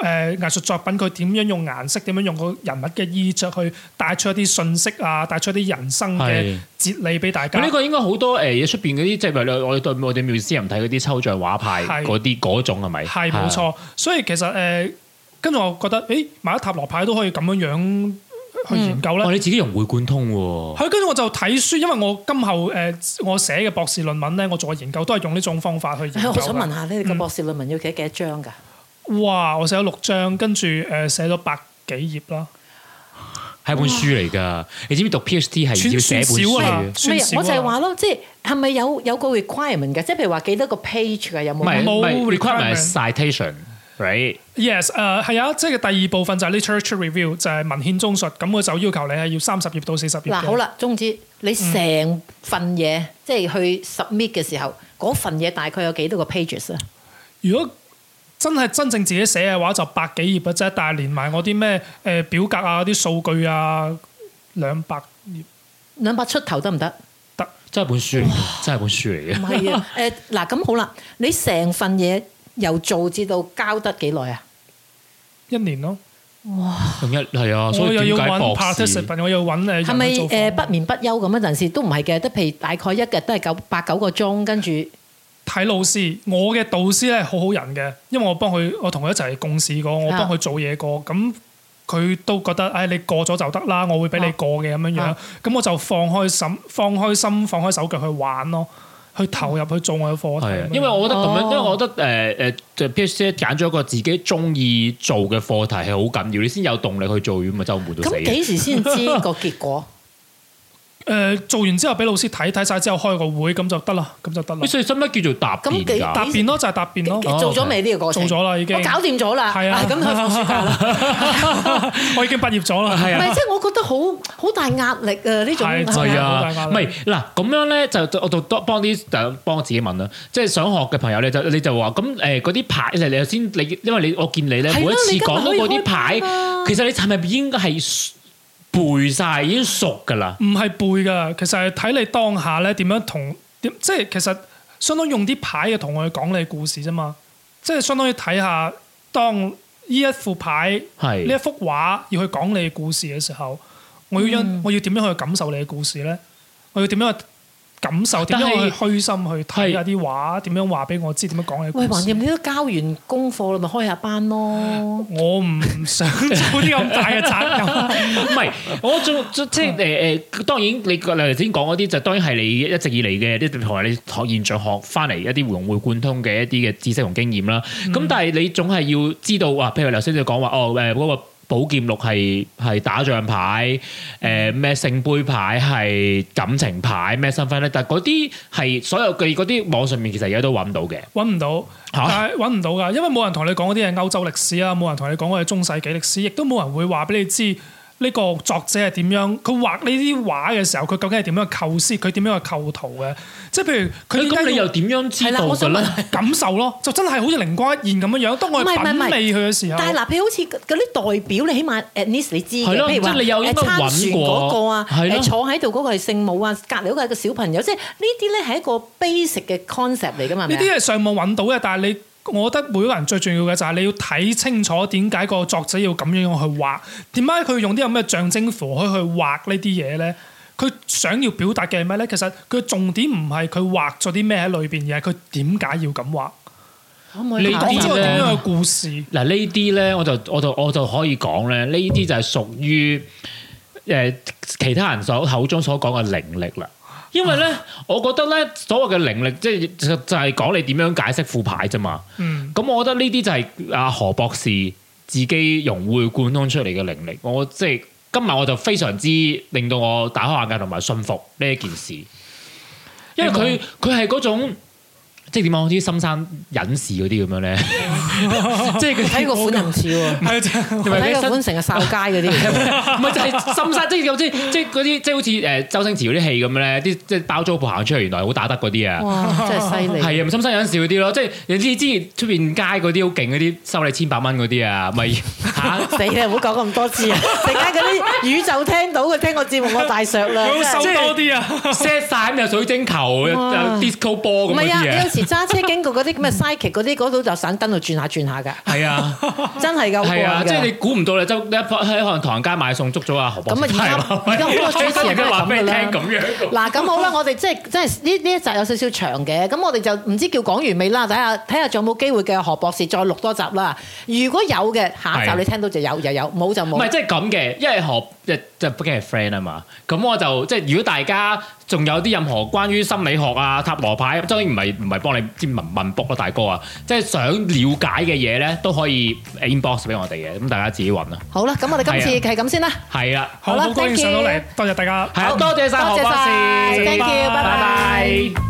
誒，藝術、呃、作品佢點樣用顏色？點樣用個人物嘅衣着去帶出一啲信息啊？帶出一啲人生嘅哲理俾大家。呢、嗯嗯這個應該好多誒，出邊嗰啲即係咪？我對我哋我哋面人睇嗰啲抽象畫派是，嗰啲嗰種係咪？係冇錯。所以其實誒、呃，跟住我覺得，誒買咗塔羅牌都可以咁樣樣去研究咧、嗯哦。你自己融會貫通喎。係跟住我就睇書，因為我今後誒、呃、我寫嘅博士論文咧，我做研究都係用呢種方法去研究。我想問下呢你個博士論文要幾多幾多張噶？哇！我寫咗六章，跟住誒寫咗百幾頁啦，係本書嚟噶。哇你知唔知讀 PhD 係要寫本書？唔係、啊啊，我就係話咯，即係係咪有有個 requirement 嘅？即係譬如話幾多個 page 啊？有冇？冇 requirement citation right？Yes，誒係啊，即係第二部分就係 literature review，就係文獻綜述。咁我就要求你係要三十頁到四十頁。嗱好啦，總之你成份嘢即係去 submit 嘅時候，嗰、嗯、份嘢大概有幾多個 pages 啊？如果真係真正自己寫嘅話就百幾頁啊啫，但係連埋我啲咩誒表格啊、啲數據啊，兩百頁，兩百出頭得唔得？得以，真係本書，哇真係本書嚟嘅。唔 係啊，誒、呃，嗱咁好啦，你成份嘢由做至到交得幾耐啊？一年咯。哇！用一係啊，所以又要揾 part time，我要揾誒，係咪誒不眠不休咁一陣時事？都唔係嘅，都譬如大概一日都係九八九個鐘，跟住。睇老師，我嘅導師咧好好人嘅，因為我幫佢，我同佢一齊共事過，我幫佢做嘢過，咁佢都覺得，哎，你過咗就得啦，我會俾你過嘅咁樣樣，咁、嗯、我就放開心，放開心，放開手腳去玩咯，去投入去做我嘅課題，的樣因為我覺得咁樣，哦、因為我覺得誒誒，就 PhD 揀咗一個自己中意做嘅課題係好緊要，你先有動力去做，咁就唔會咁幾時先知個結果。 誒，做完之後俾老師睇睇晒之後開個會咁就得啦，咁就得啦。你，所以使乜叫做答辯？答辯咯，就係答辯咯。做咗未呢個過程？做咗啦，已經。我搞掂咗啦。係啊，咁去我已經畢業咗啦，係啊。唔係，即係我覺得好好大壓力啊！呢種係啊，大壓力。唔係嗱，咁樣咧就我讀多幫啲幫我自己問啦，即係想學嘅朋友咧就你就話咁誒，嗰啲牌你頭先你因為你我見你咧每一次講嗰啲牌，其實你係咪應該係？背晒已經熟噶啦，唔係背噶，其實係睇你當下咧點樣同點，即係其實相當用啲牌嘅同我哋講你故事啫嘛，即係相當於睇下當呢一副牌係呢是一幅畫要去講你故事嘅時候，我要因、嗯、我要點樣去感受你嘅故事咧？我要點樣？感受點樣？我虛心去睇下啲話，點是樣,是樣話俾我知？點樣講嘅故事？喂，橫掂你都交完功課啦，咪開下班咯。我唔想做啲咁大嘅責任。唔係， 我總即係誒誒，當然你頭先講嗰啲就是、當然係你一直以嚟嘅啲同埋你學現場學翻嚟一啲融會貫通嘅一啲嘅知識同經驗啦。咁、嗯、但係你總係要知道哇，譬如頭先姐講話哦誒嗰、呃呃寶劍六》係係打仗牌，誒、呃、咩聖杯牌係感情牌，咩身份咧？但嗰啲係所有嘅嗰啲網上面其實而家都揾唔到嘅，揾唔到嚇，揾唔、啊、到㗎，因為冇人同你講嗰啲係歐洲歷史啊，冇人同你講嗰啲係中世紀歷史，亦都冇人會話俾你知。呢個作者係點樣？佢畫呢啲畫嘅時候，佢究竟係點樣去構思？佢點樣去構圖嘅？即係譬如佢咁，你又點樣知道呢，我 感受咯，就真係好似靈光一現咁樣樣。當我品味佢嘅時候，唔係，唔係，唔係但係嗱，譬如好似嗰啲代表，你起碼 at least 你知嘅，的譬如話誒參選嗰個啊，你的坐喺度嗰個係聖母啊，隔離嗰個係個小朋友，即係呢啲咧係一個 basic 嘅 concept 嚟㗎嘛。呢啲係上網揾到嘅，但係你。我覺得每個人最重要嘅就係你要睇清楚點解個作者要咁樣樣去畫，點解佢用啲咁嘅象徵符號去畫呢啲嘢咧？佢想要表達嘅係咩咧？其實佢重點唔係佢畫咗啲咩喺裏邊，而係佢點解要咁畫。你講咗個點樣嘅故事嗱，呢啲咧我就我就我就可以講咧，呢啲就係屬於誒其他人所口中所講嘅靈力啦。因為咧，我覺得咧，所謂嘅靈力，即係就係講你點樣解釋副牌啫嘛。咁我覺得呢啲就係阿何博士自己融會貫通出嚟嘅靈力。我即係今日我就非常之令到我大開眼界同埋信服呢一件事，因為佢佢係嗰種。即係點講？似深山隱士嗰啲咁樣咧， 即係睇個款啊，唔少是，睇個款成日哨、啊、街嗰啲、啊，唔係就係深山，即係即係即係嗰啲，即、就、係、是就是就是、好似誒周星馳嗰啲戲咁樣咧，啲即係包租婆行出去，原來好打得嗰啲啊，真係犀利，係啊，深山隱士嗰啲咯，即係你知之前出邊街嗰啲好勁嗰啲收你千百蚊嗰啲啊，咪嚇死你！唔好講咁多次啊，陣間嗰啲宇宙聽到嘅聽我節目，我大削啦，收多啲啊，set 曬咁水晶球又 disco ball 咁樣揸車經過嗰啲咁嘅 psychic 嗰啲嗰度就閃燈度轉下轉下嘅，係啊，真係噶，係啊，即、就、係、是、你估唔到你就你一喺可唐人街買餸捉咗阿何博士啊！咁啊，而家而家好多主持人都係咁嘅啦。嗱，咁 好啦，我哋即係即係呢呢一集有少少長嘅，咁我哋就唔知叫講完未啦。睇下睇下仲有冇機會嘅何博士再錄多集啦。如果有嘅，下一集你聽到就有的又有，冇就冇。唔係即係咁嘅，因為何即係畢竟係 friend 啊嘛，咁我就即係如果大家仲有啲任何關於心理學啊、塔羅牌，當然唔係唔係幫你占文問卜咯，大哥啊，即係想了解嘅嘢咧，都可以 inbox 俾我哋嘅，咁大家自己揾啦。好啦，咁我哋今次係咁先啦。係啦、啊啊，好啦，歡迎上到嚟，多謝大家，啊、好多謝晒好，多謝晒。thank you，拜拜。